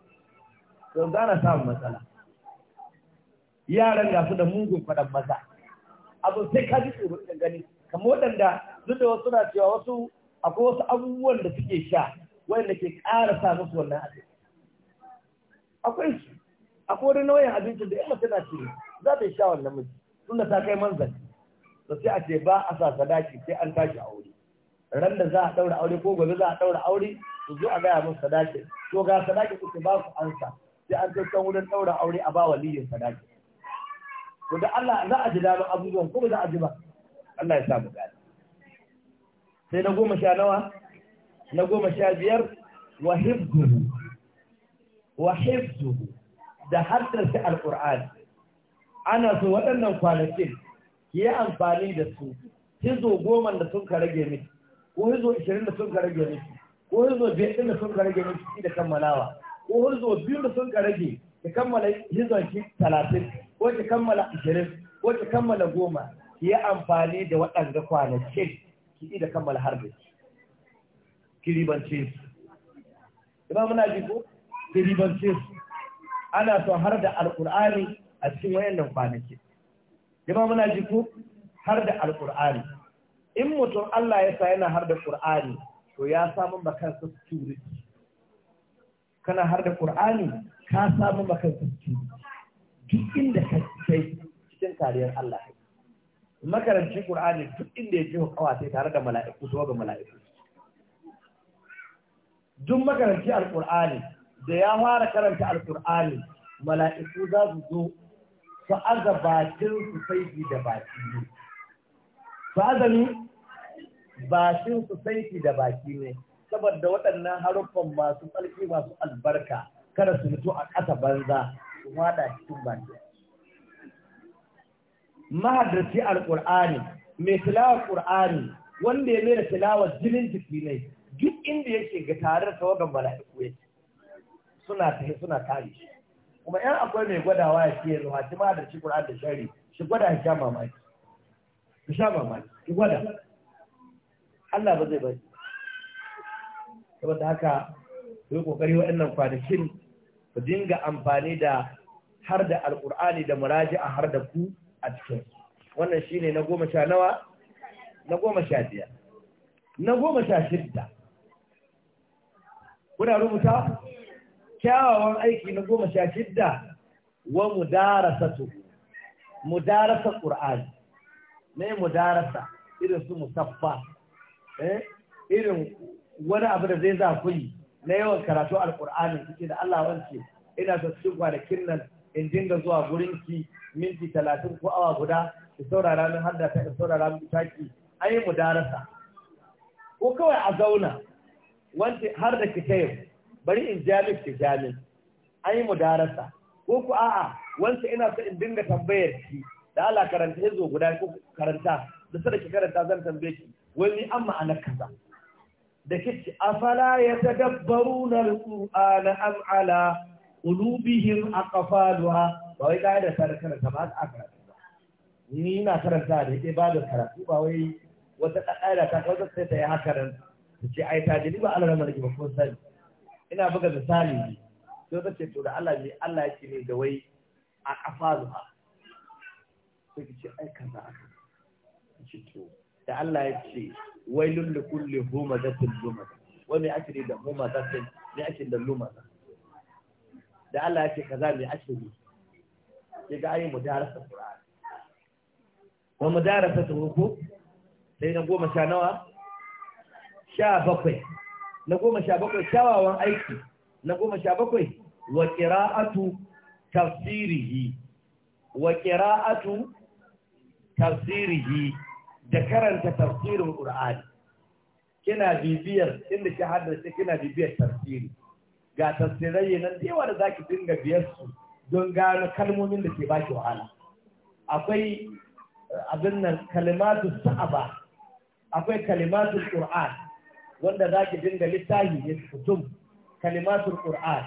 to gana samun matsala yaran ga su da mugun faɗan maza abu sai ka ji tsoro da gani kamar waɗanda duk da wasu na cewa wasu akwai wasu abubuwan da suke sha wanda ke ƙara sa musu wannan abin akwai su akwai wani nauyin abincin da yan mace na ce za ta sha wannan miji tunda ta kai manzali to sai a ce ba a sa sadaki sai an tashi aure ran da za a daura aure ko gobe za a daura aure su zo a gaya musu sadaki to ga sadaki kuke ba ku ansa sai an kai can wurin daura aure a ba waliyin sadaki to da Allah za a ji daman abubuwan ko ba za a ji ba Allah ya sa mu gani sai na goma sha nawa na goma sha biyar wa hifzuhu wa hifzuhu da al alqur'ani ana so waɗannan kwanakin ki yi amfani da su hizo goma da sun ka rage miki ko hizo ishirin da sun ka rage miki ko hizo biyar da sun ka rage miki ki da kammalawa ko hizo biyu da sun ka ki kammala hizon ki talatin ko ki kammala ishirin ko ki kammala goma ki yi amfani da waɗanda kwanakin ki da kammala da ki ribance su Ina muna ji ko ki ribance su ana son har da alƙur'ani a cikin wayannan kwanaki jama muna ji ko har da Alƙur'ani, in mutum Allah ya sa yana har da Kur'ani to ya samu makansa security kana har da Kur'ani ka samu makansa security duk inda ka kai cikin kariyar Allah Makarancin Kur'ani duk inda ya ji hukawa sai tare da mala'iku to ga mala'iku duk makaranci alqur'ani da ya fara karanta alqur'ani mala'iku za su zo su aza bakin su saiti da baki ne su aza ni bakin su saiti da baki ne saboda waɗannan haruffan masu tsarki masu albarka kada su mutu a ƙasa banza su fada cikin baki mahadarci alƙur'ani mai tilawa ƙur'ani wanda ya mera tilawa jinin jiki ne duk inda yake ga tare da tawagan mala'iku yake suna tahe suna kare shi kuma yan akwai mai gwadawa ya ce yanzu hatima da shi Qur'an da shari shi gwada ya sha mamaki ki sha mamaki ki gwada Allah ba zai bari saboda haka yi kokari waɗannan kwanakin ku dinga amfani da har da alkur'ani da muraji a har da ku a cikin wannan shine na goma sha nawa na goma sha biyar na goma sha shidda kuna rubuta kyawawan aiki na goma sha shidda wa mudarasatu mudarasa qur'ani ne mudarasa irin su musaffa eh irin wani abu da zai za ku yi na yawan karatu al-ƙur'anin kike da Allah wance ina da cikin kwanakin nan in dinga zuwa gurin ki minti talatin ko awa guda ki saurara min hadda ta ki saurara min taki ai mudarasa ko kawai a zauna wance har da ki ta yau bari in jami ki jami an yi mudarasa ko ku a'a wansa ina so in dinga tambayar ki da Allah karanta yazo guda ko karanta da sada ki karanta zan tambaye ki wani amma ana kaza da kici afala yatadabbaruna alqur'ana am ala qulubihim aqfaluha ba wai kai da sada karanta ba a karanta ba ni ina karanta da ke ba da karatu ba wai wata ƙa'ida ta kawai sai ta yi haka nan ce ai ta jini ba Allah ramar mallaki ba ko sai ina buga misali ne sai ta ce to da Allah ne Allah yake ne da wai a kafa zuwa sai ki ce ai kaza aka ce to da Allah ya ce wai lullu kulli humazatin lumada wani ake ne da humazatin Mai ake da lumada da Allah ya ce kaza me ake ne ya ga ayi mudarasa Qur'ani wa mudarasa ta ko sai na goma sha nawa sha bakwai na goma sha bakwai kyawawan aiki na goma sha bakwai wa ƙira'atu tafsirihi wa ƙira'atu tafsirihi da karanta tafsirin ƙur'ani kina bibiyar inda ke haddace kina bibiyar tafsiri ga tafsirai nan da yawa da ki dinga biyar su don gano kalmomin da ke ba ki wahala akwai eh, abin nan kalimatu sa'aba akwai kalimatu ƙura'ani wanda za ki dinga littafi ne kutum kalimatul qur'an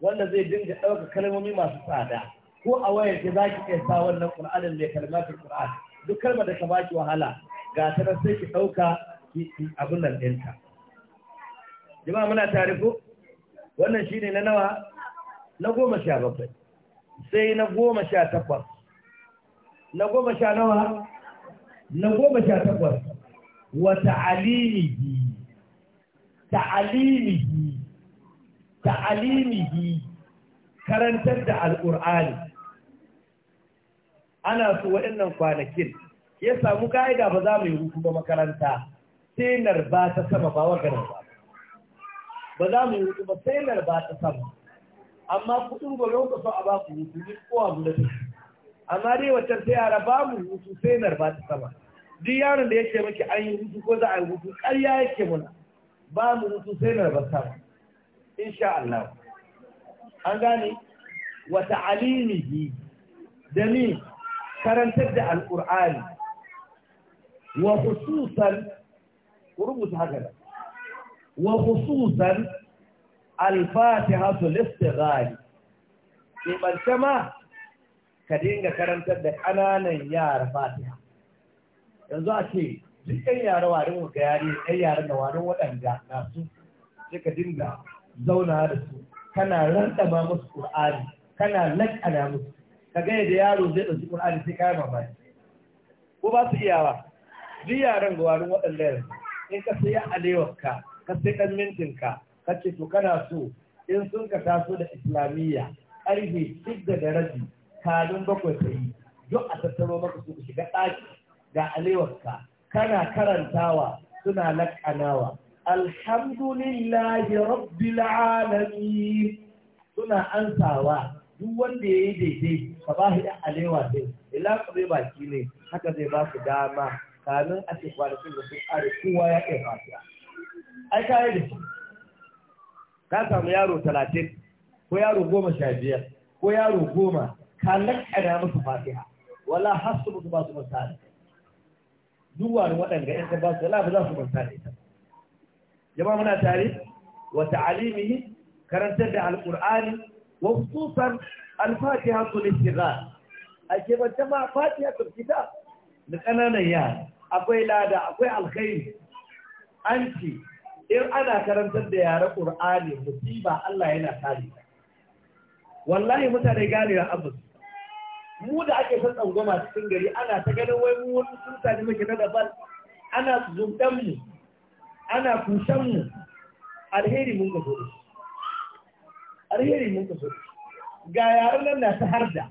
wanda zai dinga ɗauka kalmomi masu tsada ko a wayar ki za ki iya wannan qur'anin mai kalimatul qur'an duk kalmar da ka baki wahala ga ta sai ki ɗauka ki abin nan ɗinka jama'a muna tare ko wannan shine na nawa na goma sha bakwai sai na goma sha takwas na goma sha nawa na goma sha takwas wata alimi ta'alimihi ta'alimihi karantar da al'ur'ani ana so waɗannan kwanakin ya samu ka'ida ba za mu yi hutu ba makaranta sai narba ta sama ba wa ganin ba ba za mu yi hutu ba sai narba ta sama amma kudin gobe ku so a ba ku hutu ni kowa mu da amma dai wacce sai yara ba mu hutu sai narba ta sama duk yaron da yake miki an yi hutu ko za a yi hutu ƙarya yake muna ba mu hutu sai mai rabata insha Allah an gane wa ta'alimihi da ni karantar da alqur'ani wa khususan rubuta haka da wa khususan alfatiha su lil-istighali ke bance ma ka dinga karantar da ƙananan yara fatiha yanzu a ce duk ɗan yara warin ga yare ɗan yaran da warin waɗanda na su sai ka dinga zauna da su kana rantama musu ƙur'ani kana lakana musu ka gaya da yaro zai ɗauki ƙur'ani sai kayan mamaki ko ba su iyawa duk yaren ga warin waɗanda yanzu in ka sai alewarka ka sai ɗan mintinka ka ce to kana so in sun ka taso da islamiyya ƙarfe shidda da rabi kalin bakwai sai duk a tattaro maka su shiga ɗaki ga alewarka kana karantawa suna lakanawa alhamdulillahi rabbil alamin suna ansawa duk wanda yayi daidai ka ba shi alewa sai ila kare baki ne haka zai ba su dama kamin a ce da sun kowa ya iya fasiya ai ka yi da shi ka samu yaro talatin ko yaro goma sha biyar ko yaro goma ka lakkana musu fasiya wala hasu musu ba su misali duk wani waɗanda ‘yan ba su lafi za su manta da ita. Jama'a muna tare, wata ta'alimihi karantar da Al'ur'ani, wa hususan alfatiha su lissira, a kebanta ma fatiha su fita da ƙananan yara, akwai lada, akwai alkhairi, an ce, in ana karantar da yara ƙur'ani, musiba Allah yana kare. Wallahi mutane gane da abu mu da ake son masu cikin gari ana ta ganin wai mu wani sun ne muke na daban ana zumɗan mu ana kusan mu alheri mun ka so alheri mun ka so ga yaran nan na ta harda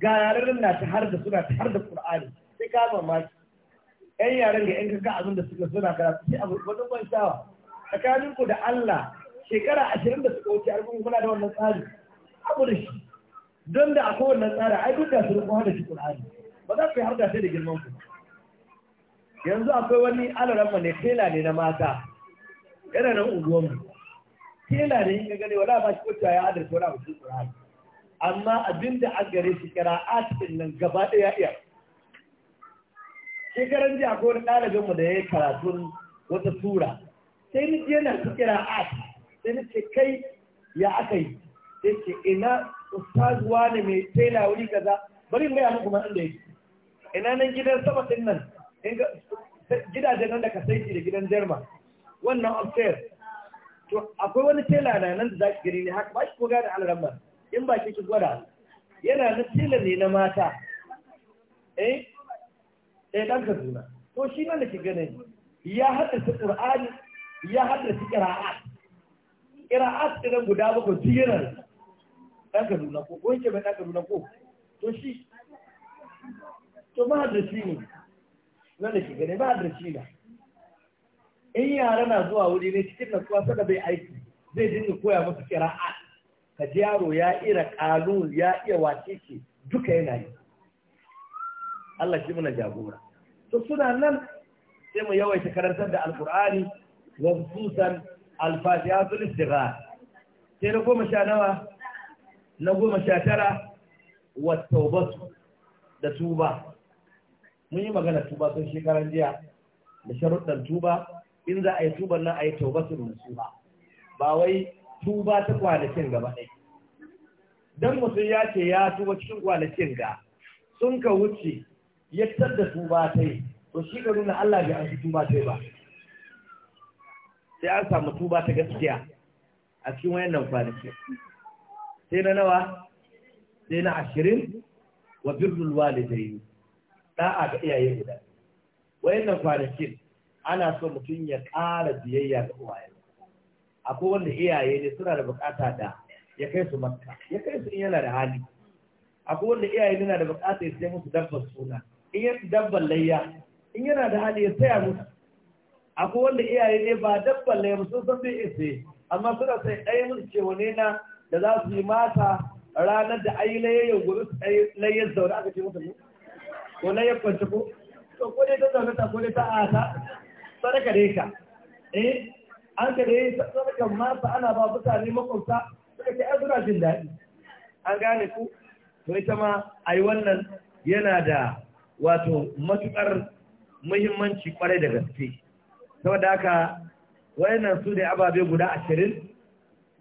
ga yaran nan na ta harda suna ta harda qur'ani sai ka mamaki ƴan yaran ga ƴan kaka abin da suka suna karatu sai abu wani ban sha'awa tsakaninku da Allah shekara ashirin da suka wuce arba'in kuna da wannan tsari abu da shi don da akwai wannan tsara ai duk da su rukun hada shi Qur'ani ba za ku yi harka sai da girman ku yanzu akwai wani alaran ne tela ne na mata yana nan unguwan tela ne in gagare wala ba shi ko ya adar wala ba shi amma amma abinda an gare shi a cikin nan gaba ɗaya. iya shekaran jiya akwai wani ɗalibin mu da ya yi karatun wata sura sai ni je na qira'at sai ni ce kai ya aka yi yake ina ustazuwa ne mai tela wuri kaza bari in gaya muku ma inda yake ina nan gidan sama din nan gidajen nan da ka saiti da gidan jerma wannan upstairs to akwai wani tela na nan da zaki gari ne haka ba shi ko gane alramma in ba ki gwada yana na tela ne na mata eh eh dan ka zuna to shi nan da ki gane ya haɗa su qur'ani ya haɗa su qira'at qira'at din guda bakwai jiran ɗan kaduna ko ko yake mai ɗan kaduna ko to shi to ba da ne na da shi gane ba da na in yara na zuwa wuri ne cikin na nasuwa sada bai aiki zai dinga koya musu kira'a ka ji yaro ya ira kalun ya iya wace ce duka yana yi Allah shi muna jagora to suna nan sai mu yawaita karantar da alkur'ani wa al alfatiha tul istighar sai na goma sha nawa na goma sha tara wa taubatu da tuba mun yi magana tuba sun shekaran jiya da sharuɗan tuba in za a yi tuba nan a yi taubatu da tuba ba wai tuba ta kwanakin gaba ɗaya don mutum ya ce ya tuba cikin kwanakin ga sun ka wuce ya da tuba ta yi to shi ka nuna Allah bai an tuba ta ba sai an samu tuba ta gaskiya a cikin wayannan kwanakin sai na nawa sai na ashirin wa birnin walidai da'a ga iyaye guda wayannan kwanakin ana so mutum ya ƙara biyayya ga uwaye akwai wanda iyaye ne suna da bukata da ya kai su makka ya kai su in yana da hali akwai wanda iyaye yana da bukata ya sai musu dabbar suna in yana dabbar layya in yana da hali ya saya musu akwai wanda iyaye ne ba dabbar layya musu sun san bai isa amma suna sai ɗaya musu ce wane na da za su yi mata ranar da ayi layayyan gobe su ayi layyar zaune aka ce musu ne ko layyar kwanci ko to ko dai ta zaune ta ko dai ta ta. sadaka dai ka eh an ka dai sadakan mata ana ba mutane makwabta suka ce ai suna jin daɗi an gane ku to ita ma ai wannan yana da wato matukar muhimmanci kwarai da gaske saboda haka wayannan su ne ababe guda ashirin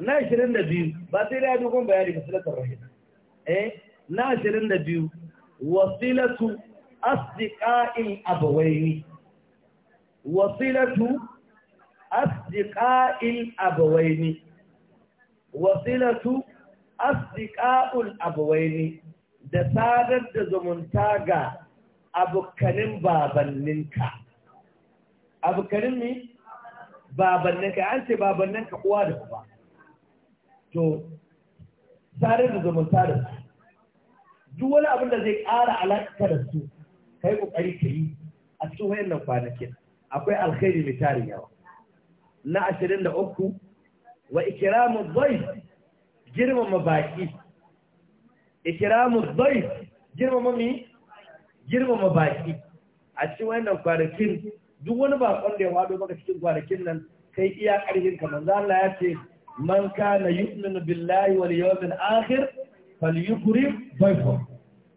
na ashirin da biyu ba sai da dogon bayani ga silatar rahim eh na ashirin da biyu wasilatu asdiqa'il abawaini wasilatu asdiqa'il abawaini wasilatu asdiqa'ul abawaini da sadar da zumunta ga abokanin babanninka abokanin ne babanninka an ce babanninka kowa da uba to tare da zumunta da su duk wani abin da zai ƙara alaƙa da su kai ƙoƙari ka yi a cikin wayannan kwanakin akwai alkhairi mai tarin yawa na ashirin da uku wa ikiramu zai girmama baƙi ikiramu zai girmama mi girmama baƙi a cikin wayannan kwanakin duk wani baƙon da ya wado maka cikin kwanakin nan kai iya ƙarfin kamar manzo Allah ya ce man kana yu'minu billahi wal yawmil akhir falyukrim bayfa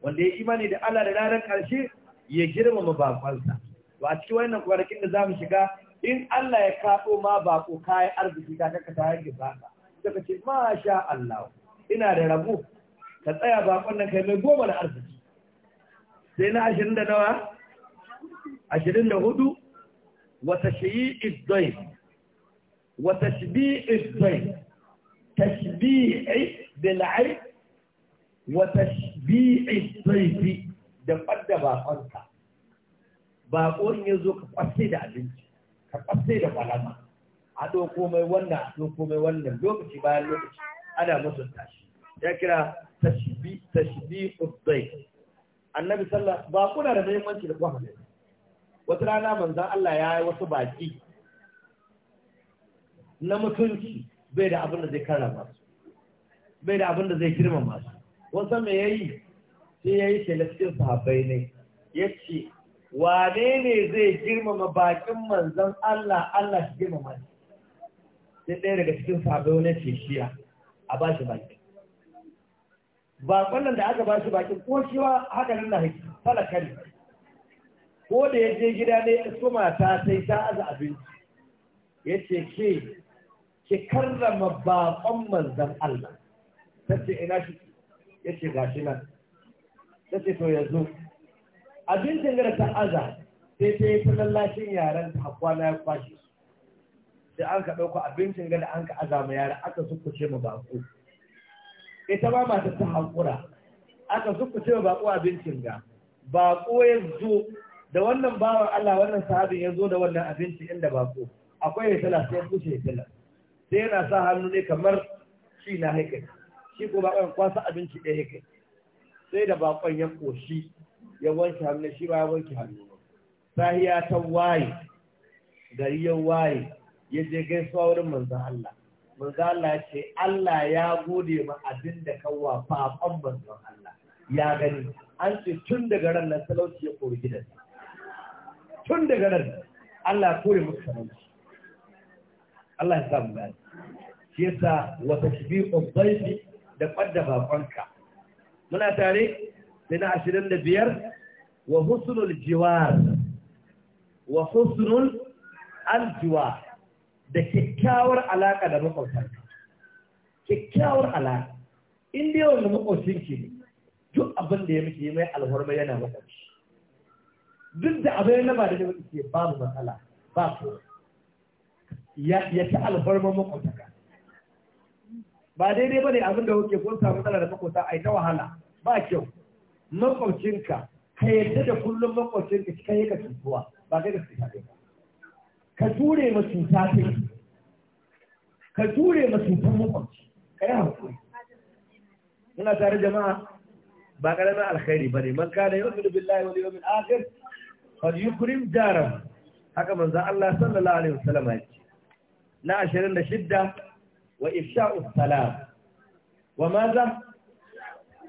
wanda ya imani da Allah da ranar karshe ya girmama bakonsa to a cikin wannan kwanakin da zamu shiga in Allah ya kaɗo ma bako kayan arziki ka kaka ta yanke baka daga ce masha Allah ina da rabo ka tsaya bakon nan kai mai goma da arziki sai na ashirin da nawa ashirin da hudu wata shiyi izdoi وتشبيع الضيف تشبيع بالعين وتشبيع الضيف da fadda bakonka bakon ya zo ka kwasse da abinci ka kwasse da kwalama a ɗauko mai wannan a ɗauko mai wannan lokaci bayan lokaci ana mutunta shi ya kira tashbi tashbi uzzai annabi sallah ba kuna da muhimmanci da kwafa wata rana manzon Allah ya yi wasu baki na mutunci bai da abin da zai karrama su bai da abin da zai girmama su wasu mai yayi sai yayi telescope sahabbai ne ce, wane ne zai girmama bakin manzan Allah Allah shi girmama shi sai ɗaya daga cikin sahabbai wani ce shiya a ba shi baki bakon nan da aka ba shi bakin ko shi wa haka nan na hiki falaka ne ko da ya je gida ne ya mata sai ta aza abinci ya ce ke ki karrama baƙon manzan Allah ta ce ina shi ya ce gashi nan ta ce to yanzu abincin gara ta aza sai ta yi tunan lashin yaren ta na ya kwashe su da an ka ɗauka abincin gada an ka aza ma yara aka ce ma baƙo ita ma mata ta haƙura aka ce ma baƙo abincin ga baƙo ya zo da wannan bawan Allah wannan sahabin ya zo da wannan abincin inda baƙo akwai ya tala sai ya kushe ya tala sai yana sa hannu ne kamar shi na haikai shi ko bakon kwasa abinci ɗaya haikai sai da bakon ya ƙoshi ya wanke hannu shi ba ya wanke hannu sahiya ta waye gari ya waye ya je gaisuwa wurin manzan Allah manzan Allah ya ce Allah ya gode ma abin da kawwa faɓan manzan Allah ya gani an ce tun daga ran nan talauci ya kori gidan tun daga ran Allah ya kore musu talauci Allah ya samu gani shi yasa wa tashbiqul dhayfi da qadda bakonka muna tare sai na 25 wa husnul jiwar wa husnul aljiwa da kyakkyawar alaka da makwabtanka kyakkyawar alaka inda yawan wanda makwabcinki ne duk abin da ya miki mai alhorma yana makwabci duk da abin na ba da ne ke babu matsala ba ko ya ta alfarma makwabtaka ba daidai ba ne abin da kuke kun samu matsala da makota a yi ta wahala ba kyau makwabcinka ka yadda da kullum makwabcinka cikin yi ka cutuwa ba kai ka cuta ba ka jure ma cuta kai ka jure ma cutar makwabci ka yi hankali muna tare jama'a ba karamin alkhairi ba ne man kana yu'minu billahi wal yawmil akhir fal yukrim jaran haka manzo Allah sallallahu alaihi wasallam ya ce na 26 wa ifsha'u salam wa maza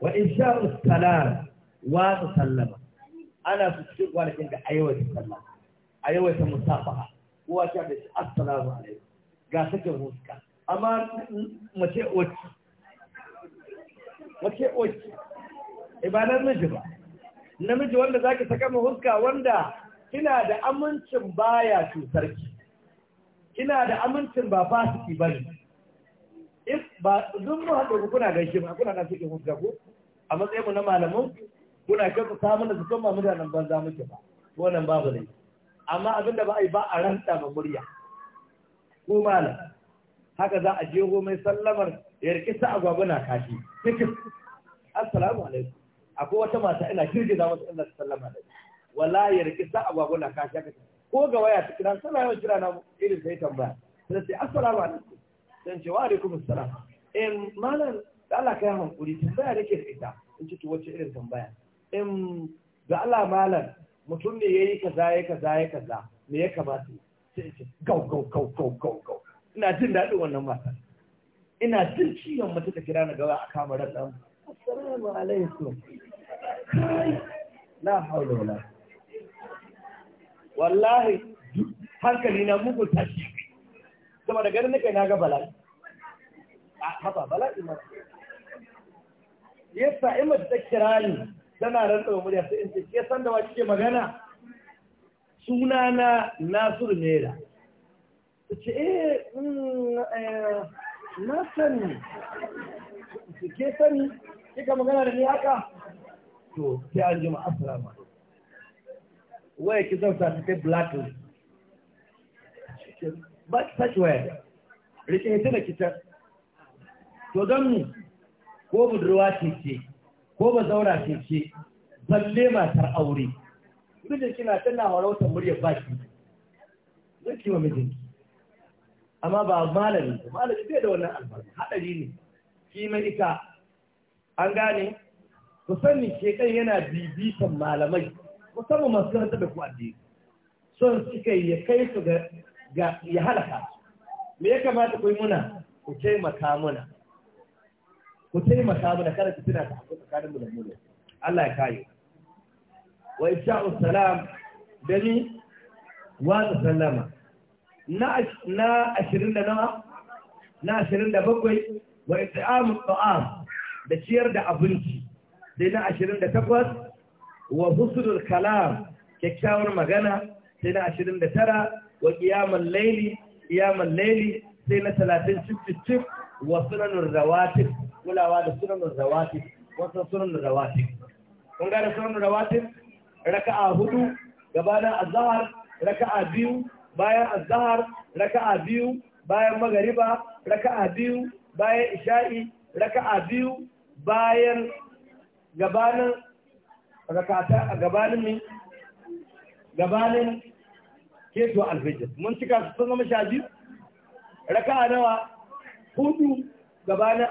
wa ifsha'u salam wa sallama ana su cikin kwanakin da aiwata sallama aiwata musafaha kowa ta da assalamu alaikum ga sake huska amma mace oci mace oci ibadar eh, miji ba namiji wanda zaki saka mu huska wanda kina da amincin baya cutar ki kina da amincin ba fasiki ba duk mu haɗe ku kuna gaishe ba kuna nan cikin hujja ko a matsayin mu na malaman kuna kyautu ta mana su kuma ban banza muke ba nan babu ne amma abin da ba a yi ba a ranta ba murya ku malam haka za a jeho mai sallamar ya rike sa agwaguna kashi cikin assalamu alaikum akwai wata mata ina girgiza mata ina sallama da wala ya rike sa agwaguna kashi ko ga waya ta kira sallah yawan kira na irin sai tambaya sai assalamu alaikum sai ce wa alaikum assalam in eh, malam da Allah kai hankuri tambaya nake da ita in ci wacce irin tambaya in da Allah malam mutum ne yayi kaza yayi kaza yayi kaza me ya kamata sai ce gau gau gau gau gau gau ina jin daɗin wannan mata ina jin ciwon mata ta kira na gaba a kama dan assalamu alaikum la haula wala wallahi hankali na mugun tashi kuma da ganin nake na ga bala'i a haka bala'i ma yasa in mace ta kira ni tana rantsa murya sai in ce ke san da wa kike magana suna na Nasiru Naira ta ce eh, mm, eh na sani ke sani kika magana da ni haka to sai an jima assalamu alaikum waye ki zan sa ta kai blacklist ba ki tashi waya rike ita da kitar to don mu ko budurwa ce ce ko ba zaura ce ce balle matar aure duk da kina tana harautar muryar baki zai kima mijinki amma ba malami malami bai da wannan albarka hadari ne shi mai ita an gane ku sani shekan yana bibitan malamai musamman masu karanta da ku addini son suka ya kai su ga ga ya halaka me ya kamata ku yi muna ku taimaka muna ku taimaka muna kada ku tuna ta haƙƙo tsakanin mu da mu Allah ya kai wa insha Allah salam da ni wa sallama na na 20 da nawa na 27 wa it'amu ta'am da ciyar da abinci dai na 28 wa husnul kalam kyakkyawar magana sai na 29 wa qiyamul layli qiyamul layli sai na 30 cif wa sunanin rawatib kulawa da sunanin rawatib wasu sunanin rawatib kun ga da sunanur Raka a hudu gabanin raka a biyu bayan raka a biyu bayan magariba raka a biyu bayan isha'i raka a biyu bayan gabanin rakata gabanin mi gabanin keto alfijir mun cika su sun zama shaji Raka raka'a nawa hudu gabanin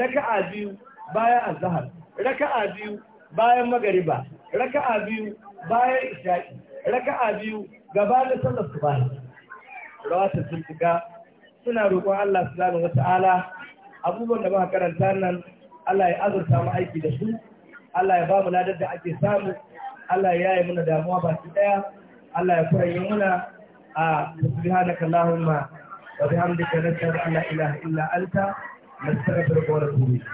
Raka a biyu bayan Raka a biyu bayan magariba Raka a biyu bayan isha'i a biyu gabanin sallar su subhi rawata sun cika suna roƙon Allah wata ala abubuwan da muka karanta nan Allah ya azurta mu aiki da su Allah ya ba mu ladar da ake samu Allah ya yi muna damuwa su ɗaya. Allah ya furanye muna a subhanaka allahumma wa bihamdika nashhadu an allah ilaha illa anta nastaghfiruka wa natubu